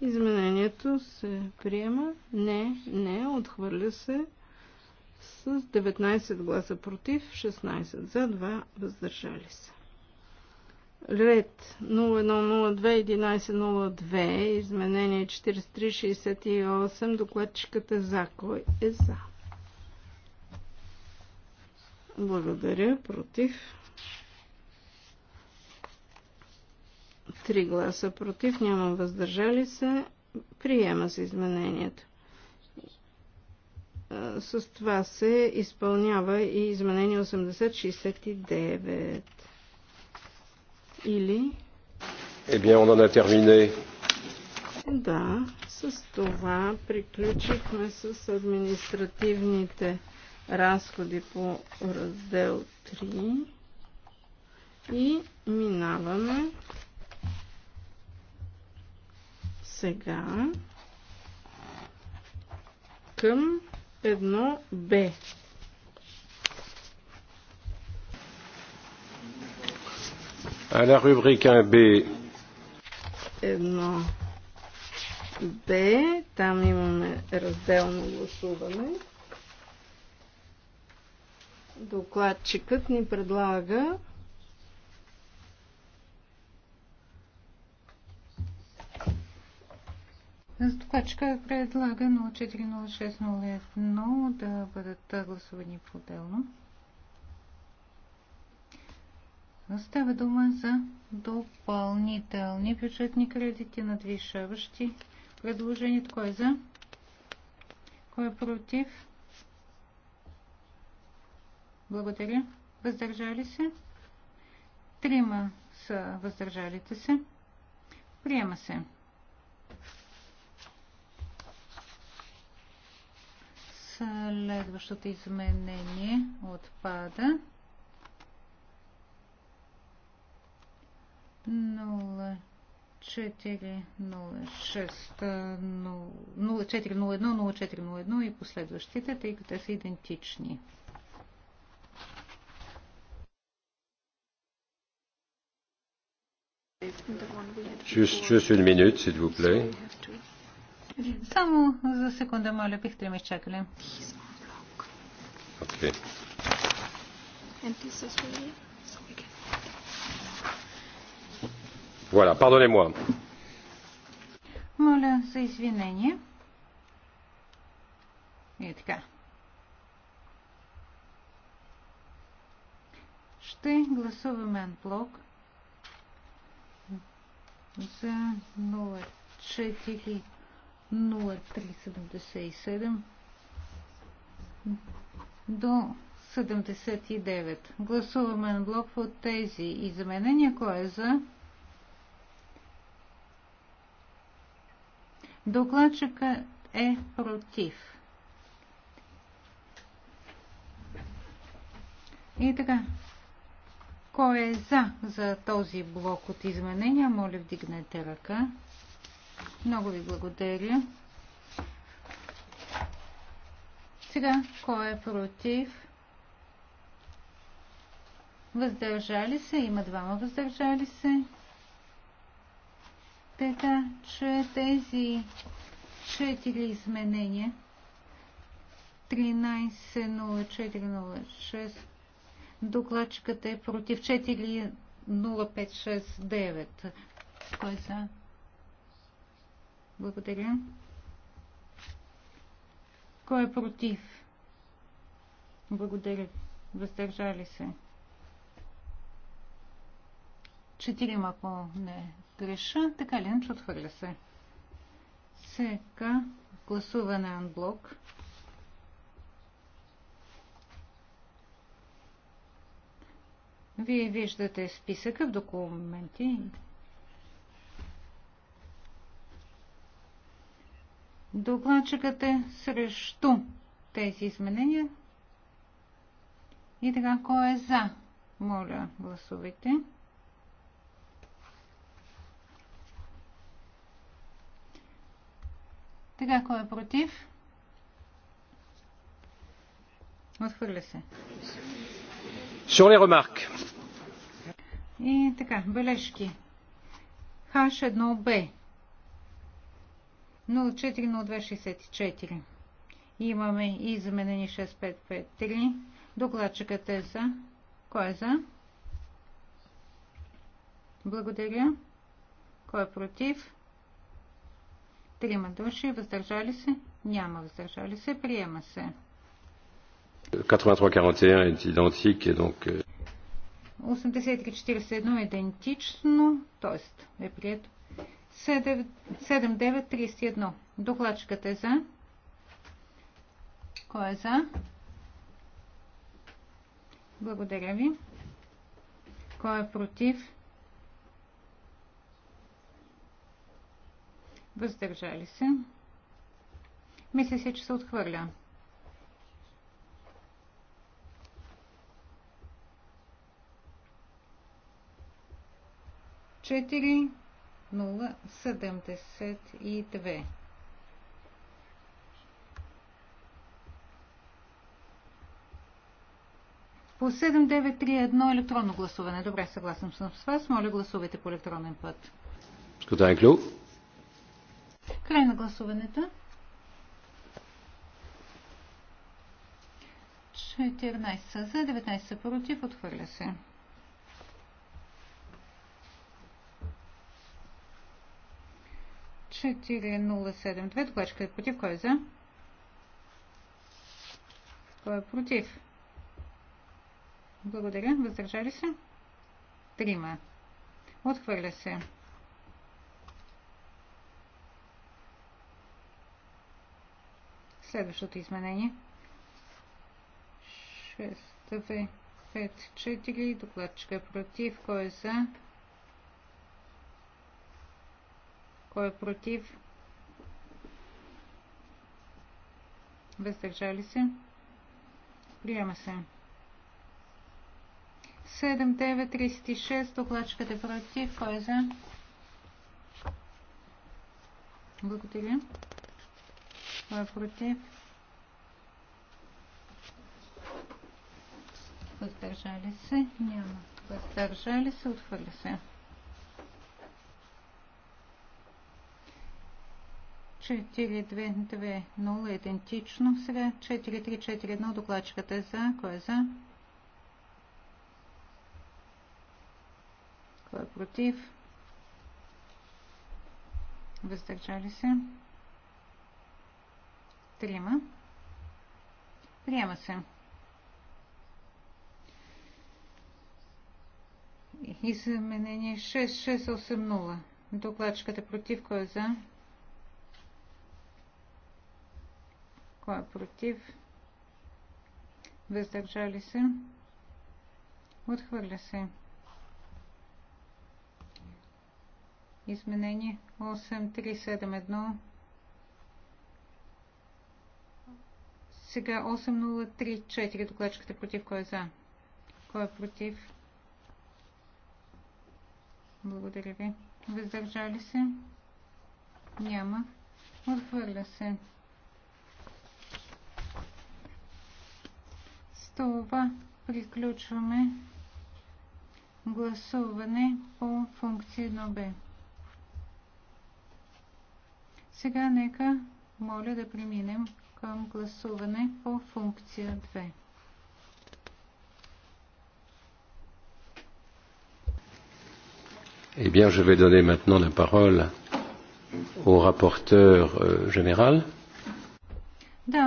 Изменението се приема. Не, не, отхвърля се с 19 гласа против, 16 за, 2 въздържали се. Ред 0102-1102, изменение 4368, докладчиката е за. Кой е за? Благодаря. Против. 3 гласа против, няма въздържали се. Приема се изменението. С това се изпълнява и изменение 8069. Или? Eh bien, on en a terminé. Да, с това приключихме с административните разходи по раздел 3 и минаваме сега към едно Б. À la rubrique 1B. Едно Б. Там имаме разделно гласуване. Докладчикът ни предлага Докладчика предлага 040601 да бъдат гласувани по-отделно. Става дума за допълнителни бюджетни кредити, надвишаващи предложението. Кой е за? Кой е против? Благодаря. Въздържали се? Трима са въздържалите се. Приема се. Следващото изменение отпада. 0401-0401 и последващите, тъй като те са идентични. Juste, juste une minute, s'il vous plaît. Само за секунда, моля, бихте ме изчакали. Okay. Voilà, pardonnez-moi. Моля за извинение. И така. Ще гласуваме блок за 04 0377 до 79. Гласуваме на блок от тези изменения. Кой е за? Докладчика е против. И така. Кой е за, за този блок от изменения? Моля, вдигнете ръка. Много ви благодаря. Сега, кой е против? Въздържали се, има двама въздържали се. Така, че тези четири изменения 13.04.06 докладчиката е против 4.0569. Кой са? Е благодаря. Кой е против? Благодаря. Въздържали се. Четирима, ако не греша. Така ли, че отхвърля се. Сега гласуване анблок. Вие виждате списъка в документи. Докладчикът е срещу тези изменения. И така, кой е за? Моля, гласувайте. Така, кой е против? Отхвърля се. Sur les remarques. И така, бележки. H1B. 040264. Имаме и заменени 6553. Докладчикът е за. Кой е за? Благодаря. Кой е против? Трима души. Въздържали се? Няма въздържали се. Приема се. 83-41 е идентик и 83-41 е идентично, т.е. е прието. 7931. Докладчикът е за. Кой е за? Благодаря ви. Кой е против? Въздържали се. Мисля се, че се отхвърля. Четири, 072. По 7931 електронно гласуване. Добре, съгласен съм с вас. Моля, гласувайте по електронен път. Край на гласуването. 14 за, 19 против. Отхвърля се. 4072. Докладчикът е против. Кой е за? Кой е против? Благодаря. Въздържали се? Трима. Отхвърля се. Следващото изменение. 6, 2, 5, 4. Докладчика е против. Кой е за? Кой е против? Въздържали се. Приема се. 7936. Докладчикът е против. Кой е за? Благодаря. Кой е против? Въздържали се? Няма. Въздържали се? Отхвърля се. 4-2-2-0 идентично. Сега 4-3-4-1 докладчиката е за. Кой е за? Кой е против? Въздържали се. Трима. Приема се. Изменение 6680. Докладчиката е против кой е за? Кой е против? Въздържали се? Отхвърля се. Изменение 8371. Сега 8034. Докладчиката е против. Кой е за? Кой е против? Благодаря ви. Въздържали се? Няма. Отхвърля се. това приключваме гласуване по функция 1b. Сега нека моля да преминем към гласуване по функция 2. Eh bien, je vais donner maintenant la parole au rapporteur euh, général.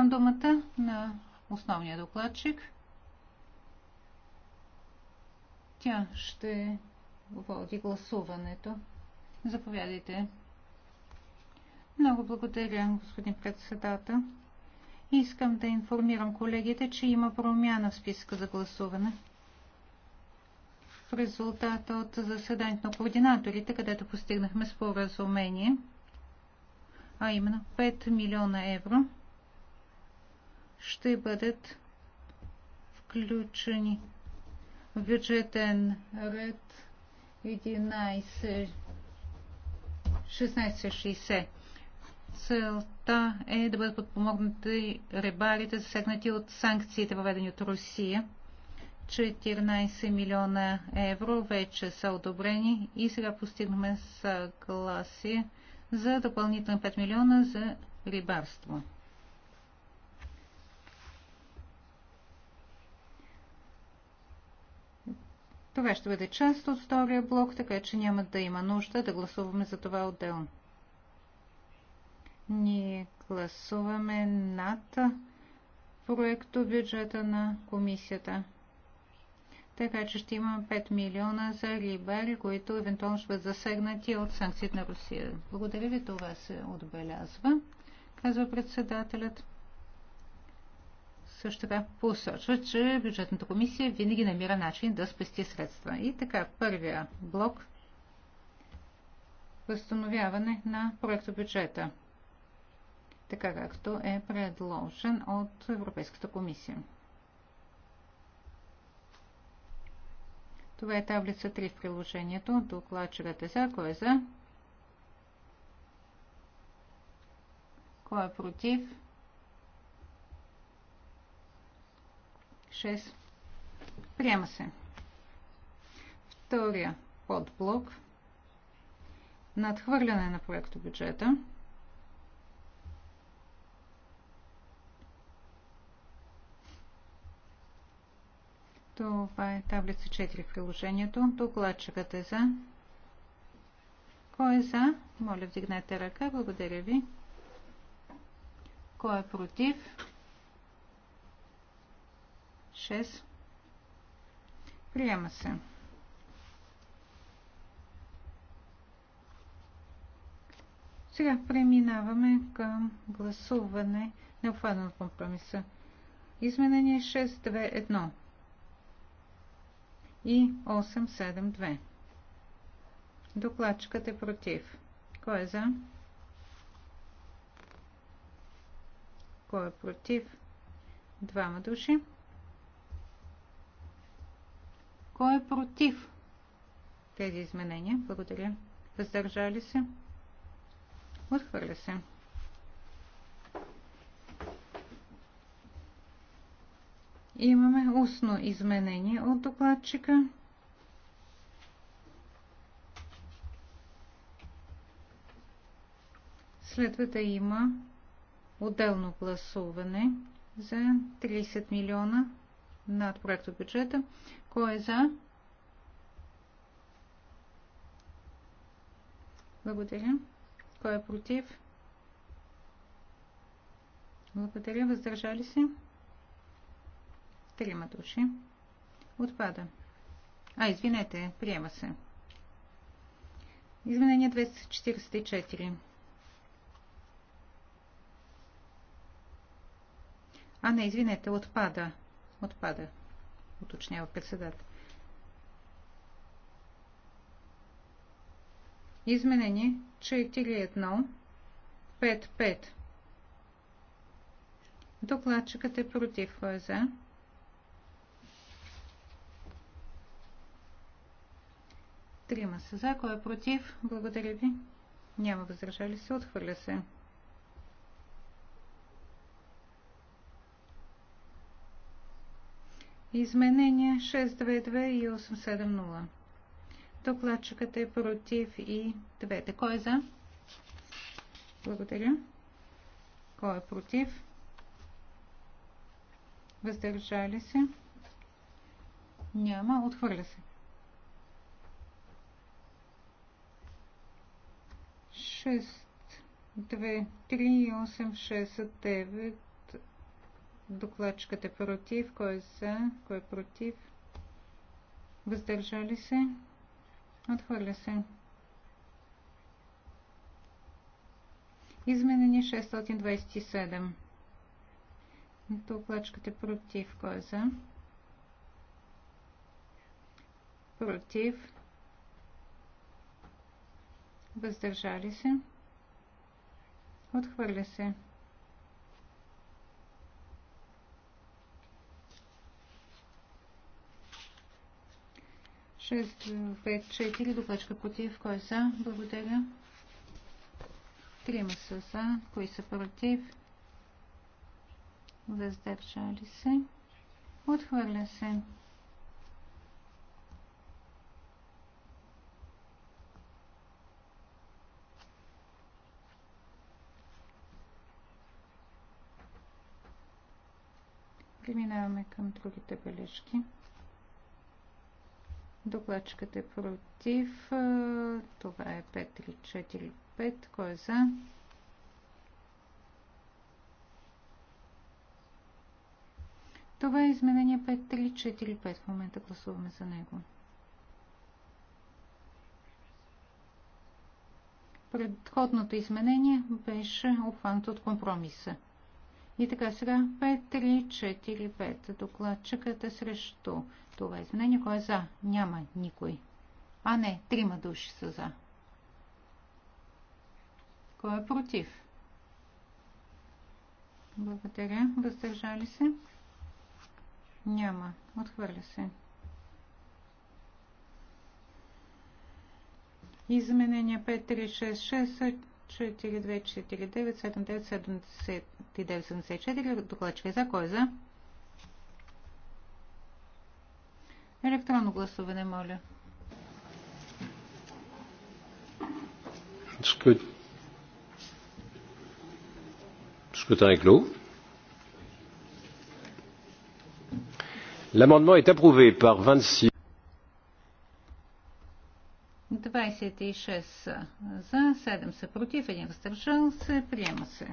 думата на основния докладчик. Тя ще води гласуването. Заповядайте. Много благодаря, господин председател. Искам да информирам колегите, че има промяна в списка за гласуване. В резултат от заседанието на координаторите, където постигнахме споразумение, а именно 5 милиона евро, ще бъдат включени бюджетен ред 1660. Целта е да бъдат подпомогнати рибарите, засегнати от санкциите, въведени от Русия. 14 милиона евро вече са одобрени и сега постигнахме съгласие за допълнителни 5 милиона за рибарство. Това ще бъде част от втория блок, така че няма да има нужда да гласуваме за това отделно. Ние гласуваме над проекто бюджета на комисията. Така че ще имаме 5 милиона за рибари, които евентуално ще бъдат засегнати от санкциите на Русия. Благодаря ви, това се отбелязва, казва председателят също така посочва, че бюджетната комисия винаги намира начин да спести средства. И така, първия блок – възстановяване на проекта бюджета, така както е предложен от Европейската комисия. Това е таблица 3 в приложението. Докладчикът е за. Кой е за? Кой е против? 6. Приема се. Втория подблок. Надхвърляне на проекто бюджета. Това е таблица 4 в приложението. Докладчикът е за. Кой е за? Моля, вдигнете ръка. Благодаря ви. Кой е против? 6. Приема се. Сега преминаваме към гласуване на обхвана на компромиса. Изменение 6.2.1 и 8.7.2. Докладчикът е против. Кой е за? Кой е против? Двама души. Кой е против тези изменения? Благодаря. Въздържали се? Отхвърля се. Имаме устно изменение от докладчика. Следва да има отделно гласуване за 30 милиона над проекта бюджета. Кой е за? Благодаря. Кой е против? Благодаря. Въздържали се? Трима души. Отпада. А, извинете, приема се. Изменение 244. А, не, извинете, отпада. Отпада. Уточнява председател. Изменение 5-5. Докладчикът е против. Кой е за? Трима са за. Кой е против? Благодаря ви. Няма възражали се. Отхвърля се. Изменения 622 и 870. Докладчикът е против и двете. Кой е за? Благодаря. Кой е против? Въздържали се? Няма. Отхвърля се. 6, 2, 3, 8, 6, 9, Докладчикът е против. Кой е за? Кой е против? Въздържали се? Отхвърля се. Изменени 627. Докладчикът е против. Кой е за? Против. Въздържали се? Отхвърля се. 5 4 докладчика против. Кой са? Е Благодаря. Трима са за. Кои са против? Въздържали се. Отхвърля се. Преминаваме към другите бележки. Докладчикът е против. Това е 5 или 4 или 5 Кой е за? Това е изменение 5 или или 4 5. В момента гласуваме за него. Предходното изменение беше обхванато от компромиса. И така сега 5, 3, 4, 5. Докладчикът е срещу това изменение. Кой е за? Няма никой. А не, трима души са за. Кой е против? Благодаря. Въздържали се? Няма. Отхвърля се. Изменения 6, 4249, Докладчик е за. Кой е за? Електронно гласуване, моля. Scrutin est clos. L'amendement est approuvé par 26. 26 за, 7 са против, 1 въздържал се, приема се.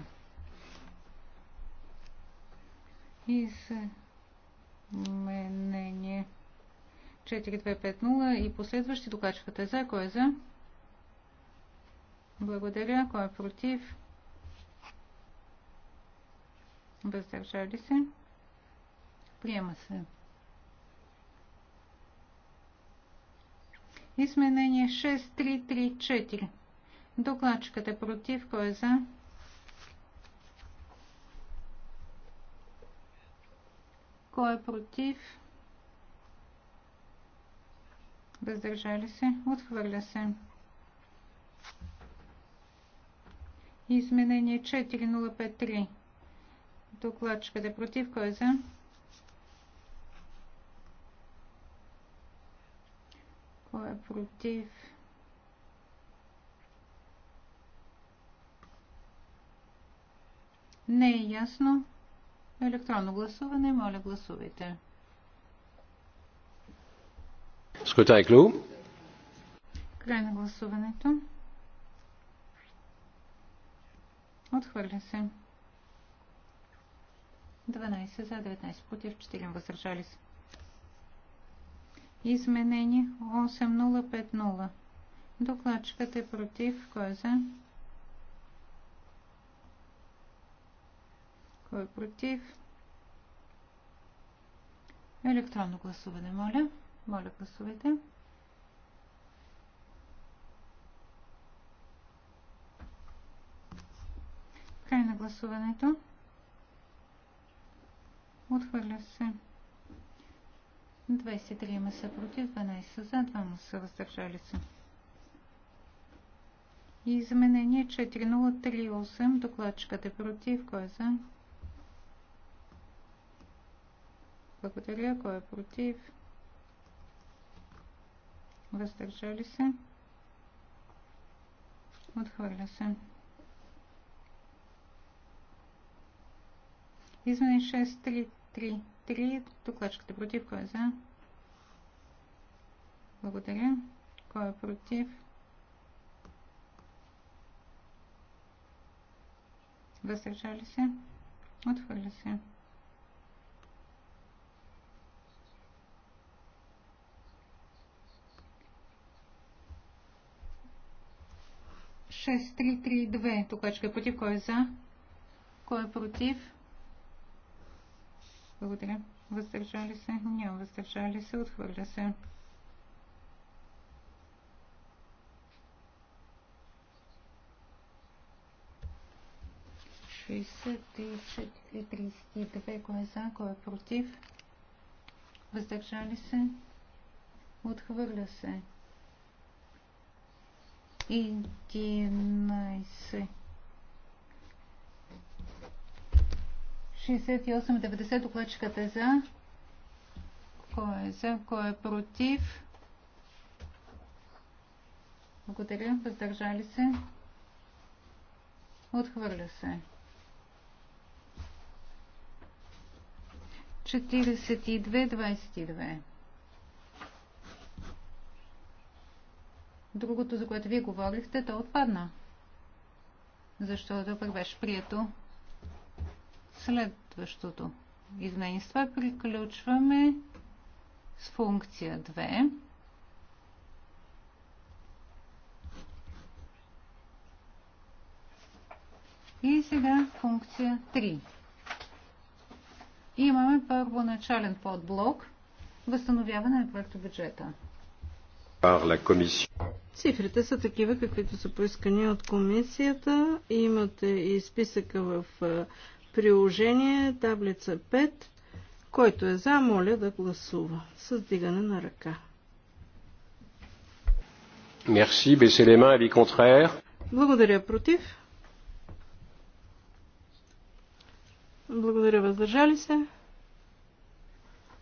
Изменение 4250 и последващи докачвате за. Кой е за? Благодаря. Кой е против? Въздържали се. Приема се. Изменение 6334. Докладчикът е против. Кой е за? Кой е против? Въздържали се? Отхвърля се. Изменение 4053. Докладчикът е против. Кой е за? против. Не е ясно. Електронно гласуване. Моля, гласувайте. Скотай е клю. Край на гласуването. Отхвърля се. 12 за, 19 против, 4 въздържали се. Изменение 8050. Докладчикът е против. Кой е за? Кой е против? Електронно гласуване, моля. Моля, гласувайте. Край на гласуването. Отхвърля се. 23 са против, 12 за, 2 са въздържали се. Изменение 4038. Докладчикът е против. Кой е за? Благодаря. Кой е против? Въздържали се. Отхвърля се. Изменение 633. Три, Докладчиката против. Кой е за? Благодаря. Кой е против? Въздържали се? Отхвърля се. Шест, три, три, две. Тукачка е против. Кой е за? Кой е против? Благодаря. Въздържали се? Няма. Въздържали се? Отхвърля се. кой е за, кой е против? Въздържали се? Отхвърля се. 11 68-90 докладчикът е за. Кой е за? Кой е против? Благодаря. Въздържали се. Отхвърля се. 42-22. Другото, за което вие говорихте, то отпадна. Защото пък беше прието следващото изменение. С това приключваме с функция 2. И сега функция 3. Имаме първоначален подблок възстановяване на проекто бюджета. Цифрите са такива, каквито са поискани от комисията. Имате и списъка в приложение, таблица 5. Който е за, моля да гласува с дигане на ръка. Merci, baissez les mains, avis contraire. Благодаря, против. Благодаря, въздържали се.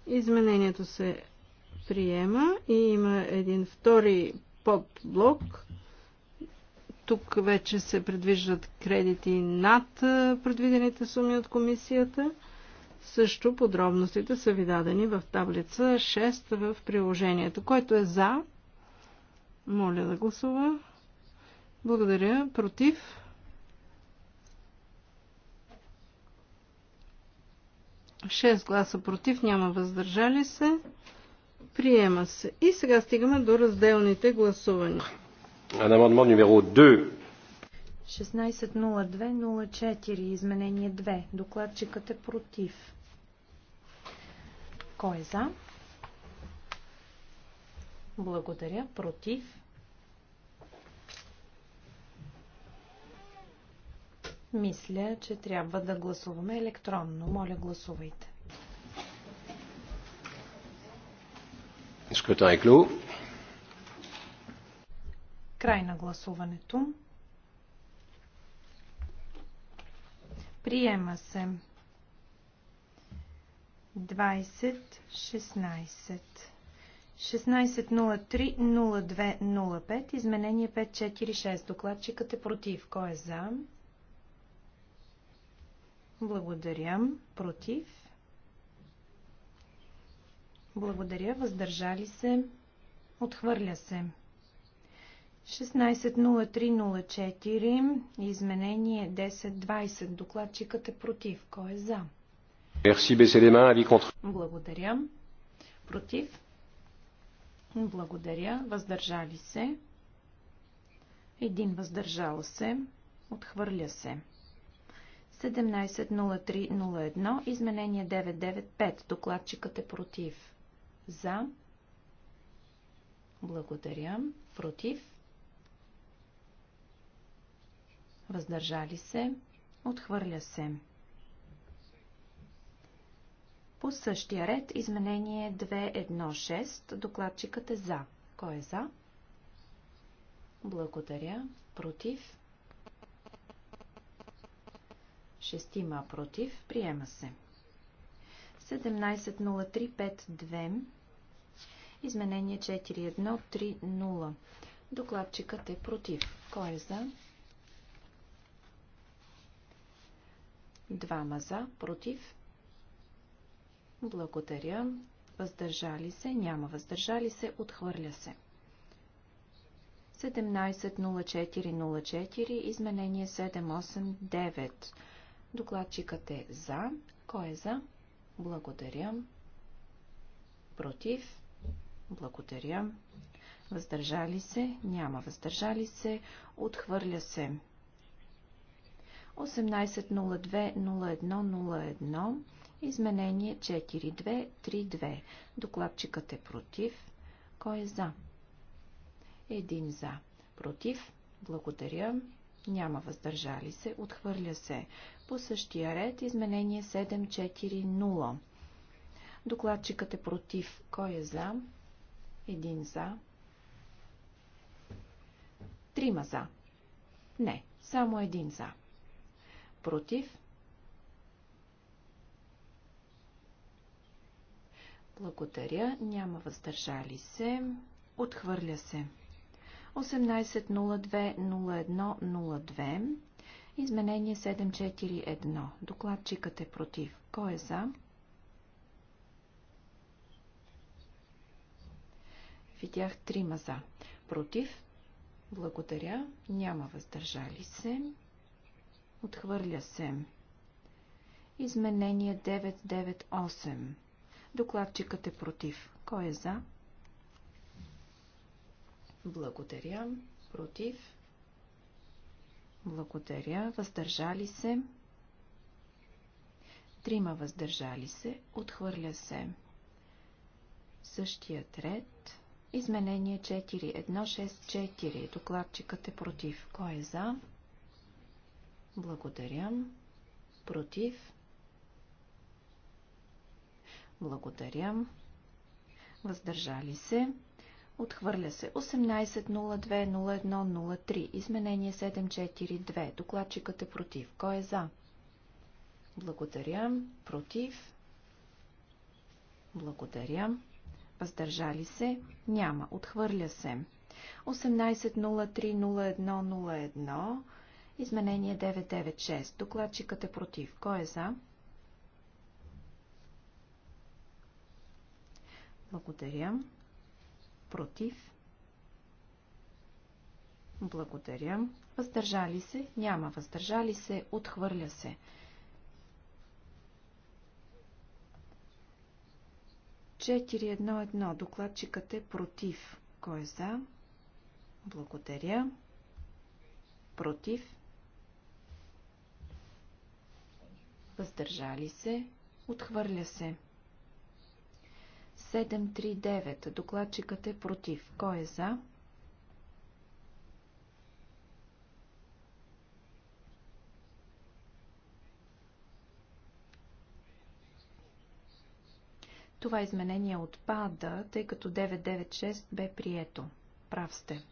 Изменението се приема и има един втори подблок тук вече се предвиждат кредити над предвидените суми от комисията. Също подробностите са ви дадени в таблица 6 в приложението. Който е за, моля да гласува. Благодаря. Против? Шест гласа против, няма въздържали се. Приема се. И сега стигаме до разделните гласувания un amendement numéro 2. 16.02.04, изменение 2. Докладчикът е против. Кой е за? Благодаря. Против. Мисля, че трябва да гласуваме електронно. Моля, гласувайте. Скрутай клуб. Край на гласуването. Приема се. 20-16. 16.03.02.05. Изменение 546. Докладчикът е против. Кой е за? Благодаря. Против. Благодаря. Въздържали се. Отхвърля се. 16.03.04. Изменение 10.20. Докладчикът е против. Кой е за? Благодаря. Против? Благодаря. Въздържали се? Един въздържал се. Отхвърля се. 17.03.01. Изменение 995. Докладчикът е против. За? Благодаря. Против? въздържали се, отхвърля се. По същия ред изменение 2.1.6. Докладчикът е за. Кой е за? Благодаря. Против. Шестима против. Приема се. 17.03.5.2. Изменение 4.1.3.0. Докладчикът е против. Кой е за? Двама за, против. Благодаря. Въздържали се, няма въздържали се, отхвърля се. 17.04.04, изменение 789. Докладчикът е за. Кой е за? Благодаря. Против? Благодаря. Въздържали се? Няма въздържали се. Отхвърля се. 1802-0101, изменение 4232. Докладчикът е против. Кой е за? Един за. Против. Благодаря. Няма въздържали се. Отхвърля се. По същия ред изменение 740. Докладчикът е против. Кой е за? Един за. Трима за. Не, само един за. Против? Благодаря. Няма въздържали се. Отхвърля се. 18.02.01.02 Изменение 741. Докладчикът е против. Кой е за? Видях трима за. Против? Благодаря. Няма въздържали се. Отхвърля се. Изменение 998. Докладчикът е против. Кой е за? Благодаря. Против. Благодаря. Въздържали се. Трима въздържали се. Отхвърля се. Същият ред. Изменение 4. 164. Докладчикът е против. Кой е за? Благодаря. Против. Благодаря. Въздържали се. Отхвърля се 18.02.01.03. Изменение 742. Докладчикът е против. Кой е за? Благодаря. Против. Благодаря. Въздържали се? Няма. Отхвърля се. 18.03.01.01. Изменение 996. Докладчикът е против. Кой е за? Благодаря. Против. Благодаря. Въздържали се? Няма. Въздържали се? Отхвърля се. 4-1-1. Докладчикът е против. Кой е за? Благодаря. Против. въздържали се, отхвърля се. 739. Докладчикът е против. Кой е за? Това изменение отпада, тъй като 996 бе прието. Прав сте.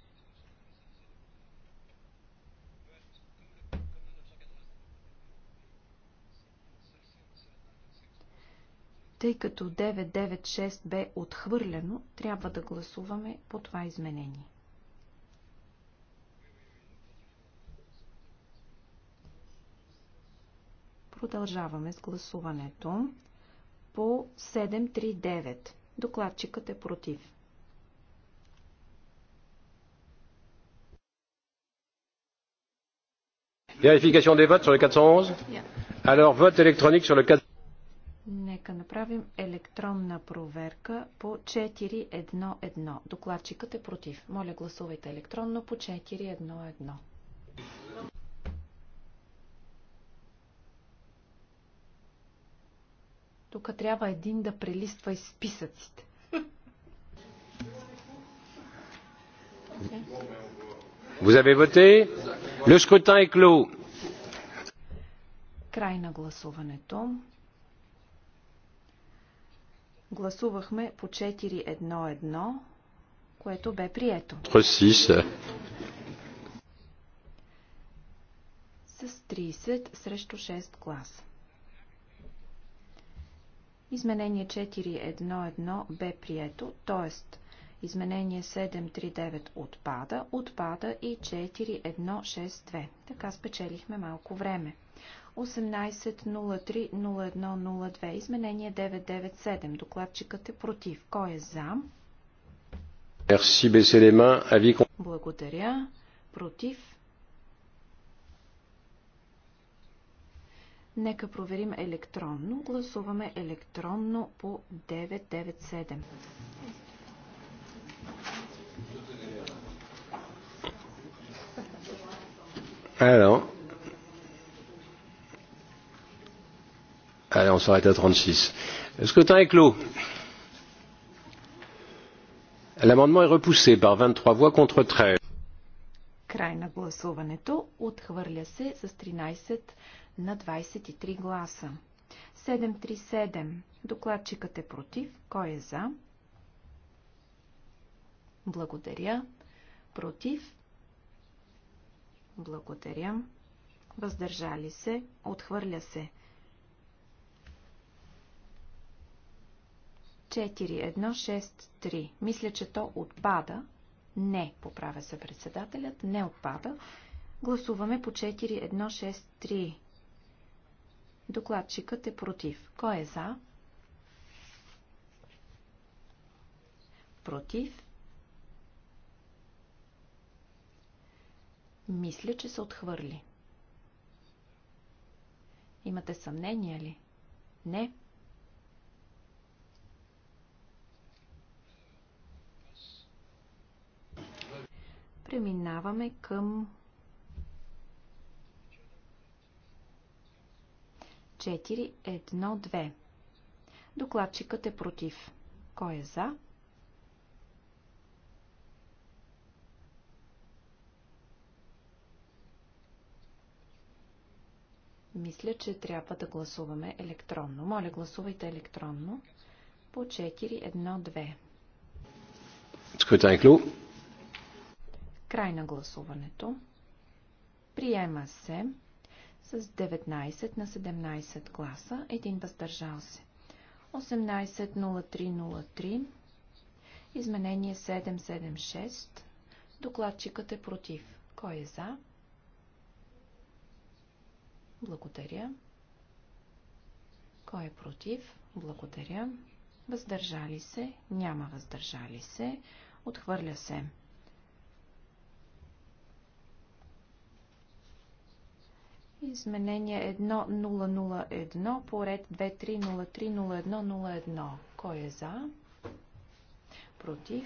Тъй като 996 бе отхвърлено, трябва да гласуваме по това изменение. Продължаваме с гласуването по 739. Докладчикът е против. Верификация на вот sur le 411 yeah. Alors, vote électronique sur le 411. Нека направим електронна проверка по 4.1.1. Докладчикът е против. Моля, гласувайте електронно по 4.1.1. Тук трябва един да прелиства и списъците. Vous avez voté Le scrutin est clos. Край на гласуването гласувахме по 4-1-1, което бе прието. С 30 срещу 6 гласа. Изменение 4-1-1 бе прието, т.е. изменение 7-3-9 отпада, отпада и 4-1-6-2. Така спечелихме малко време. 18.03.01.02. Изменение 997. Докладчикът е против. Кой е за? Благодаря. Против. Нека проверим електронно. Гласуваме електронно по 997. Alors, on s'arrête à 36. Le scrutin est clos. L'amendement est repoussé par 23 voix contre 13. Край на гласуването отхвърля се с 13 на 23 гласа. 737. Докладчикът е против. Кой е за? Благодаря. Против. Благодаря. Въздържали се. Отхвърля се. 4163. Мисля, че то отпада. Не, поправя се председателят. Не отпада. Гласуваме по 4163. Докладчикът е против. Кой е за? Против. Мисля, че се отхвърли. Имате съмнение ли? Не. преминаваме към четири, едно, две. Докладчикът е против. Кой е за? Мисля, че трябва да гласуваме електронно. Моля, гласувайте електронно по 4.1.2. Скрутен клюв. Край на гласуването. Приема се с 19 на 17 гласа, един въздържал се. 18.03.03 Изменение 776 Докладчикът е против. Кой е за? Благодаря. Кой е против? Благодаря. Въздържали се? Няма въздържали се. Отхвърля се. Изменение 1001 по ред 23030101. Кой е за? Против?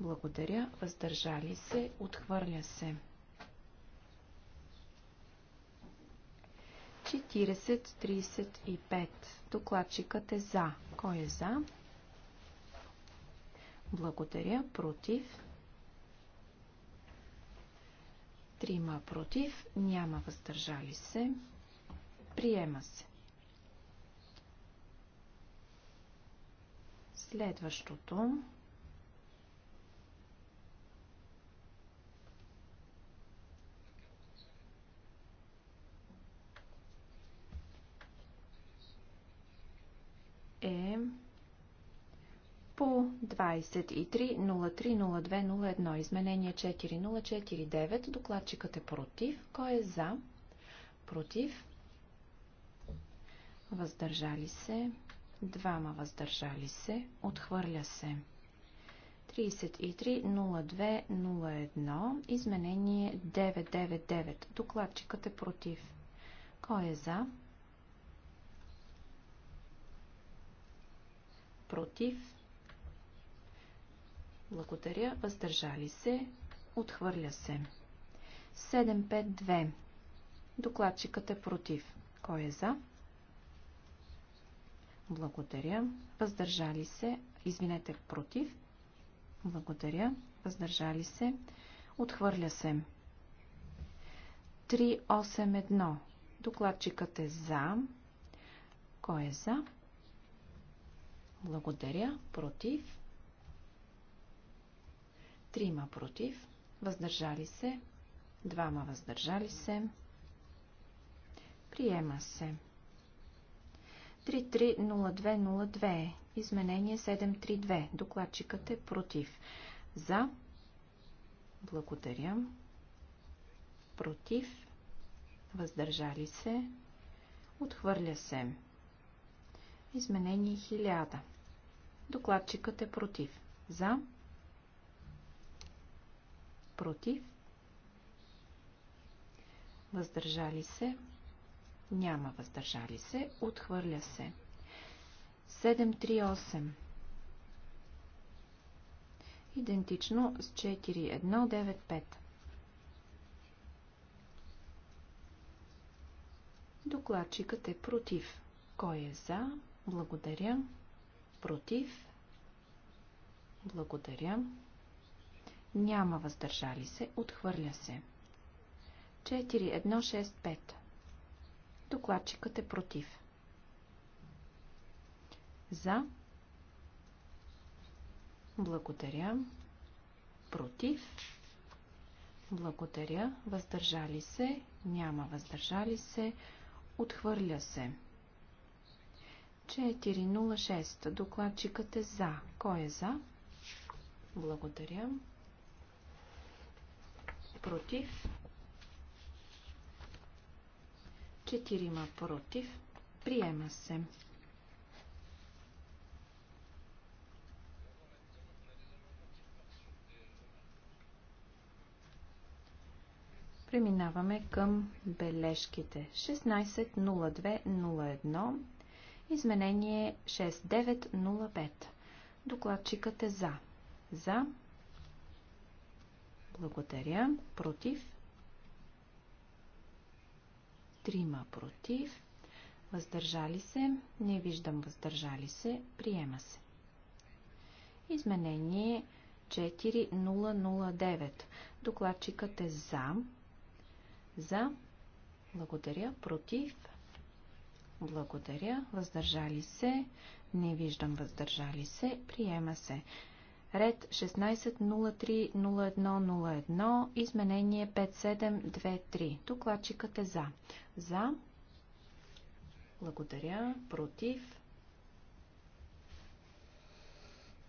Благодаря. Въздържали се. Отхвърля се. 40-35. Докладчикът е за. Кой е за? Благодаря. Против? Трима против, няма въздържали се. Приема се. Следващото е по 23.03.02.01, изменение 4.049, докладчикът е против. Кой е за? Против. Въздържали се. Двама въздържали се. Отхвърля се. 33.02.01, изменение 999, докладчикът е против. Кой е за? Против. Благодаря. Въздържали се. Отхвърля се. 752. Докладчикът е против. Кой е за? Благодаря. Въздържали се. Извинете, против. Благодаря. Въздържали се. Отхвърля се. 381. Докладчикът е за. Кой е за? Благодаря. Против. Трима против, въздържали се, двама въздържали се, приема се. 330202, изменение 732, докладчикът е против. За, благодаря, против, въздържали се, отхвърля се. Изменение 1000. Докладчикът е против. За, против, въздържали се, няма въздържали се, отхвърля се. 7-3-8 Идентично с 4-1-9-5 Докладчикът е против. Кой е за? Благодаря. Против. Благодаря. Няма въздържали се. Отхвърля се. 4165. Докладчикът е против. За. Благодаря. Против. Благодаря. Въздържали се. Няма въздържали се. Отхвърля се. 406. Докладчикът е за. Кой е за? Благодаря против. 4 против. Приема се. Преминаваме към бележките. 16.02.01 Изменение 6905 Докладчикът е за. За. Благодаря. Против? Трима против. Въздържали се? Не виждам въздържали се. Приема се. Изменение 4009. Докладчикът е за. За. Благодаря. Против. Благодаря. Въздържали се. Не виждам въздържали се. Приема се. Ред 16030101, изменение 5723. Докладчикът е за. За. Благодаря. Против.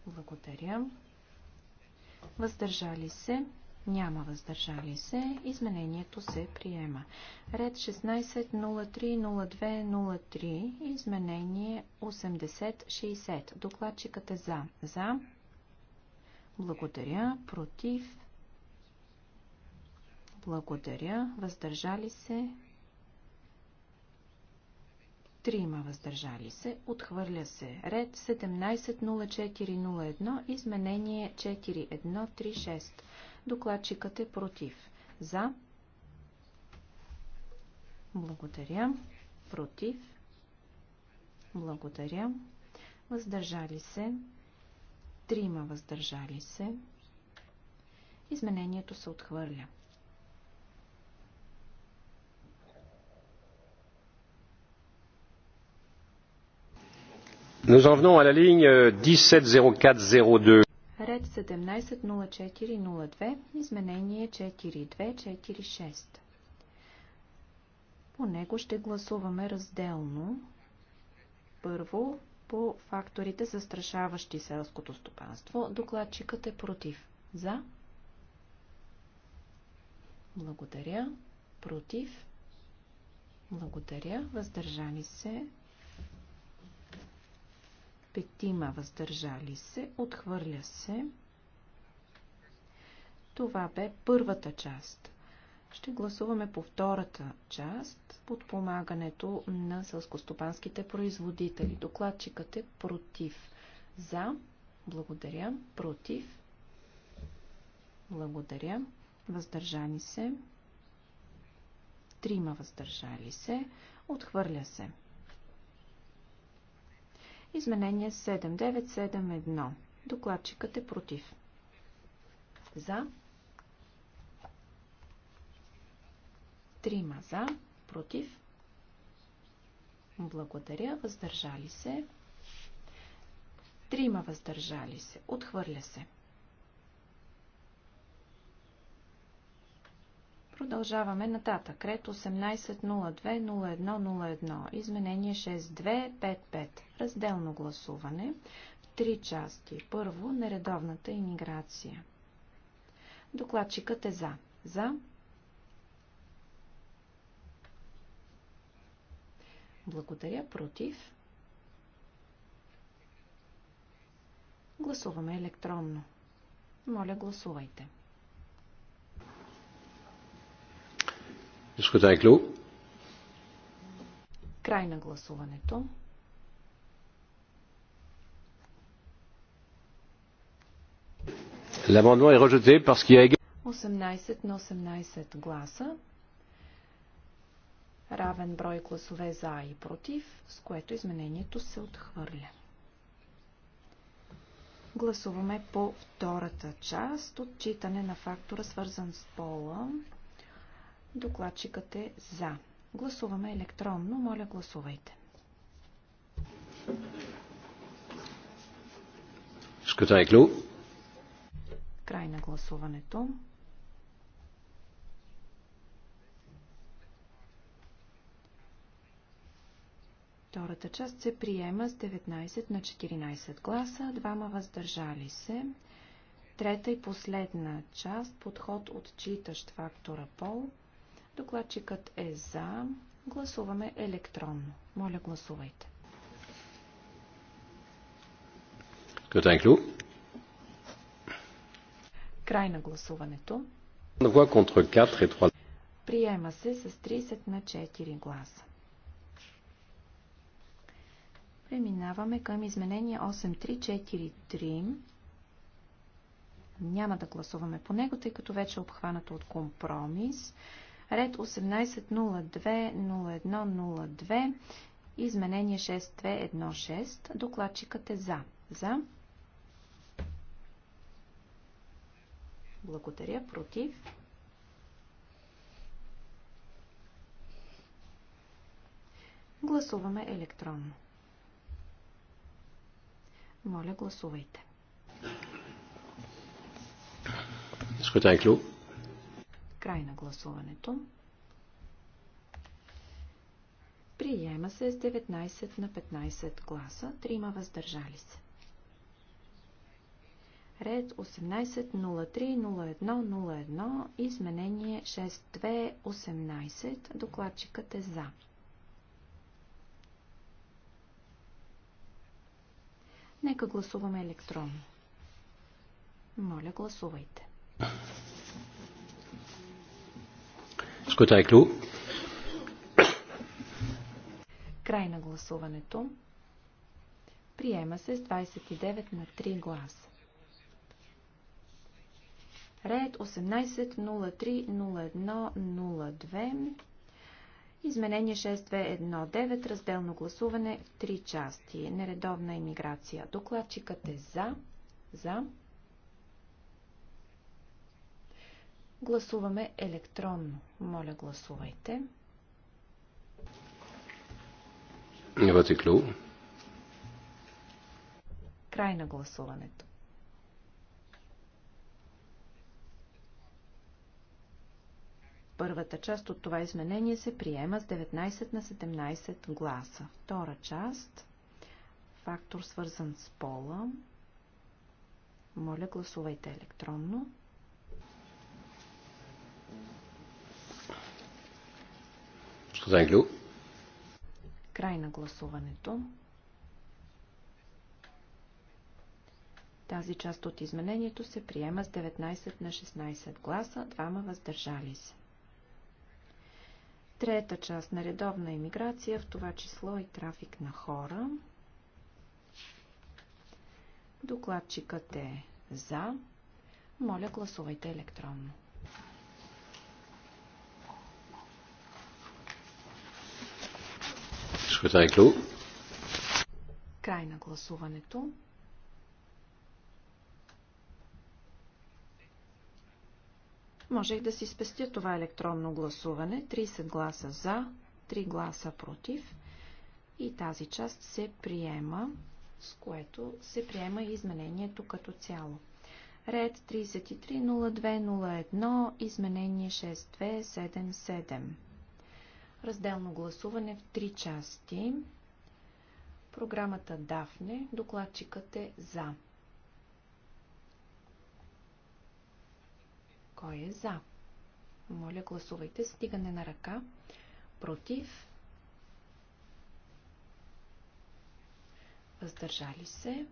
Благодаря. Въздържали се. Няма въздържали се. Изменението се приема. Ред 16030203. Изменение 8060. Докладчикът е за. За. Благодаря. Против. Благодаря. Въздържали се. Трима въздържали се. Отхвърля се. Ред 170401. Изменение 4136. Докладчикът е против. За. Благодаря. Против. Благодаря. Въздържали се трима въздържали се. Изменението се отхвърля. Nous en venons à la ligne 170402. Ред 170402, изменение 4246. По него ще гласуваме разделно. Първо, по факторите, застрашаващи селското стопанство. Докладчикът е против. За? Благодаря. Против? Благодаря. Въздържали се? Петима въздържали се. Отхвърля се. Това бе първата част ще гласуваме по втората част подпомагането на сълскостопанските производители. Докладчикът е против. За. Благодаря. Против. Благодаря. Въздържани се. Трима въздържали се. Отхвърля се. Изменение 7971. Докладчикът е против. За. Трима за, против. Благодаря, въздържали се. Трима въздържали се. Отхвърля се. Продължаваме нататък. Ред 18.02.01.01. Изменение 6.2.5.5. Разделно гласуване. В три части. Първо, нередовната иммиграция. Докладчикът е за. За. Благодаря. Против. Гласуваме електронно. Моля, гласувайте. Край на гласуването. L'amendement est rejeté parce qu'il y a 18 на 18 гласа равен брой гласове за и против, с което изменението се отхвърля. Гласуваме по втората част отчитане на фактора свързан с пола. Докладчикът е за. Гласуваме електронно. Моля, гласувайте. Шкотай Край на гласуването. Втората част се приема с 19 на 14 гласа, двама въздържали се. Трета и последна част, подход от читащ фактора пол. Докладчикът е за. Гласуваме електронно. Моля, гласувайте. Е Край на гласуването. Приема се с 30 на 4 гласа. Преминаваме към изменение 8343. Няма да гласуваме по него, тъй като вече е обхванато от компромис. Ред 18020102. изменение 6216. Докладчикът е за. За. Благодаря. Против. Гласуваме електронно. Моля, гласувайте. Скотай Край на гласуването. Приема се с 19 на 15 гласа, 3 въздържали се. Ред 18.03.01.01, изменение 6.2.18, докладчикът е за. Нека гласуваме електронно. Моля, гласувайте. Скота е клю. Край на гласуването. Приема се с 29 на 3 гласа. Ред 02 Изменение 6219, разделно гласуване в три части. Нередовна иммиграция. Докладчикът е за. За. Гласуваме електронно. Моля, гласувайте. Край на гласуването. Първата част от това изменение се приема с 19 на 17 гласа. Втора част – фактор свързан с пола. Моля, гласувайте електронно. Край на гласуването. Тази част от изменението се приема с 19 на 16 гласа, двама въздържали се. Трета част – на редовна иммиграция, в това число и трафик на хора. Докладчикът е за. Моля, гласувайте електронно. Край на гласуването. Можех да си спестя това електронно гласуване. 30 гласа за, 3 гласа против. И тази част се приема, с което се приема и изменението като цяло. Ред 330201, изменение 6277. Разделно гласуване в 3 части. Програмата Дафне, докладчикът е за. Кой е за? Моля, гласувайте с дигане на ръка. Против? Въздържали се?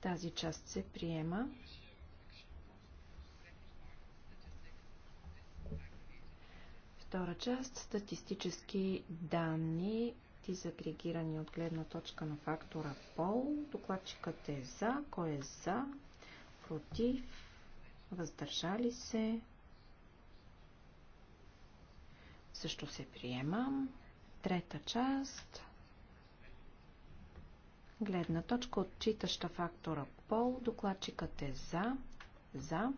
Тази част се приема. Втора част – статистически данни проекти агрегирани от гледна точка на фактора пол. Докладчикът е за. Кой е за? Против? Въздържали се? Също се приемам. Трета част. Гледна точка отчитаща фактора пол. Докладчикът е за. За.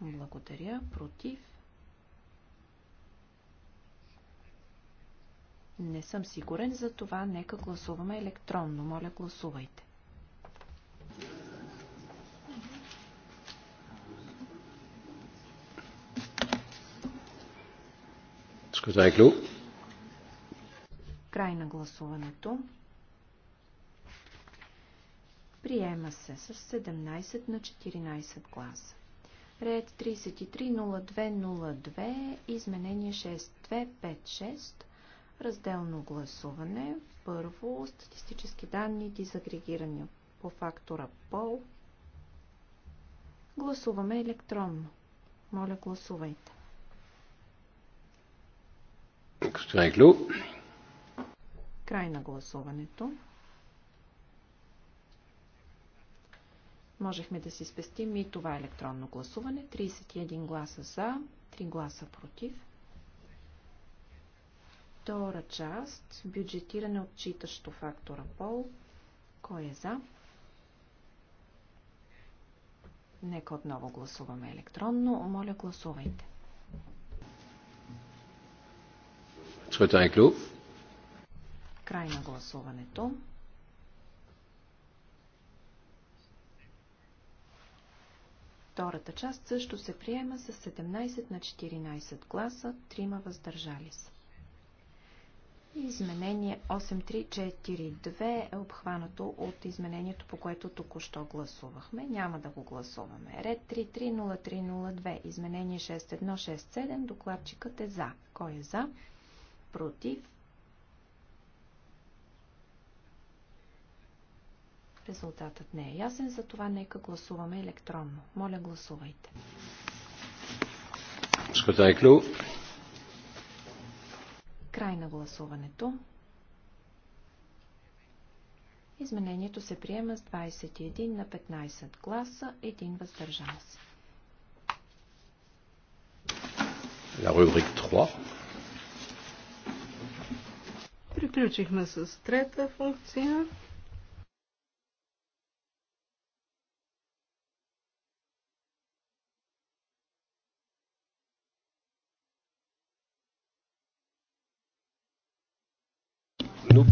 Благодаря. Против? Не съм сигурен, за това нека гласуваме електронно. Моля, гласувайте. Край на гласуването. Приема се с 17 на 14 гласа. Ред 330202, изменение 6256. Разделно гласуване. Първо, статистически данни, дизагрегирани по фактора пол. Гласуваме електронно. Моля, гласувайте. Край на гласуването. Можехме да си спестим и това електронно гласуване. 31 гласа за, 3 гласа против. Втора част. Бюджетиране от читащо фактора пол. Кой е за? Нека отново гласуваме електронно. Моля, гласувайте. Край на гласуването. Втората част също се приема с 17 на 14 гласа, 3 въздържали се. Изменение 8342 е обхванато от изменението, по което току-що гласувахме. Няма да го гласуваме. Ред 330302, изменение 6167, докладчикът е за. Кой е за? Против? Резултатът не е ясен, затова нека гласуваме електронно. Моля, гласувайте. Скотайклю. Край на гласуването. Изменението се приема с 21 на 15 гласа, 1 въздържан се. La rubrique 3. Приключихме с трета функция.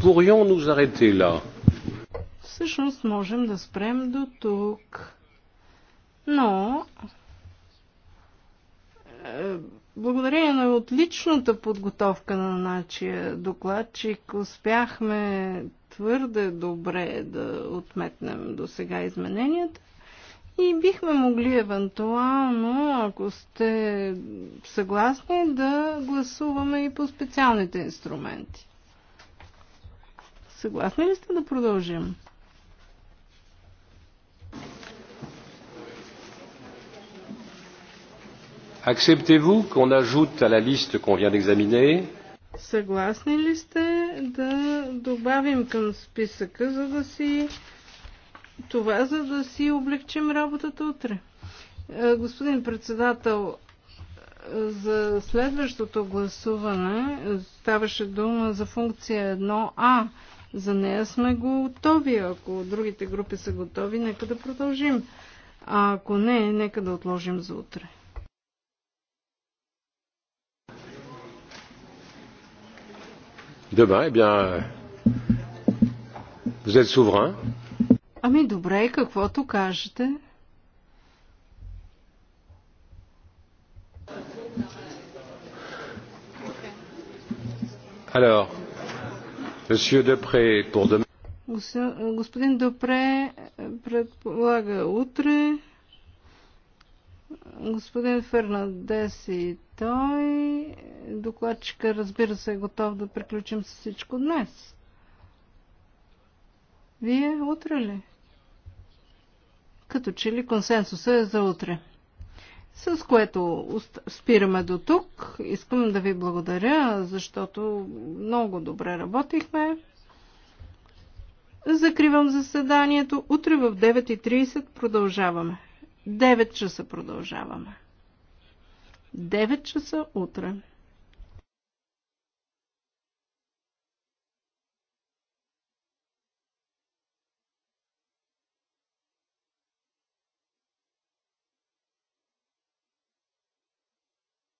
pourrions nous arrêter là. Всъщност можем да спрем до тук. Но, е, благодарение на отличната подготовка на нашия докладчик, успяхме твърде добре да отметнем до сега измененията. И бихме могли евентуално, ако сте съгласни, да гласуваме и по специалните инструменти. Съгласни ли сте да продължим? Acceptez-vous qu'on ajoute à la liste qu'on vient d'examiner Съгласни ли сте да добавим към списъка, за да си това, за да си облегчим работата утре? Е, господин председател, за следващото гласуване ставаше дума за функция 1А за нея сме готови. Ако другите групи са готови, нека да продължим. А ако не, нека да отложим за утре. Demain, eh bien, vous êtes souverain. Ами добре, каквото кажете. Alors, е, господин Допре е, предполага утре. Господин Фернандес и той. Докладчика, разбира се, е готов да приключим с всичко днес. Вие утре ли? Като че ли консенсусът е за утре? С което спираме до тук. Искам да ви благодаря, защото много добре работихме. Закривам заседанието. Утре в 9.30 продължаваме. 9 часа продължаваме. 9 часа утре.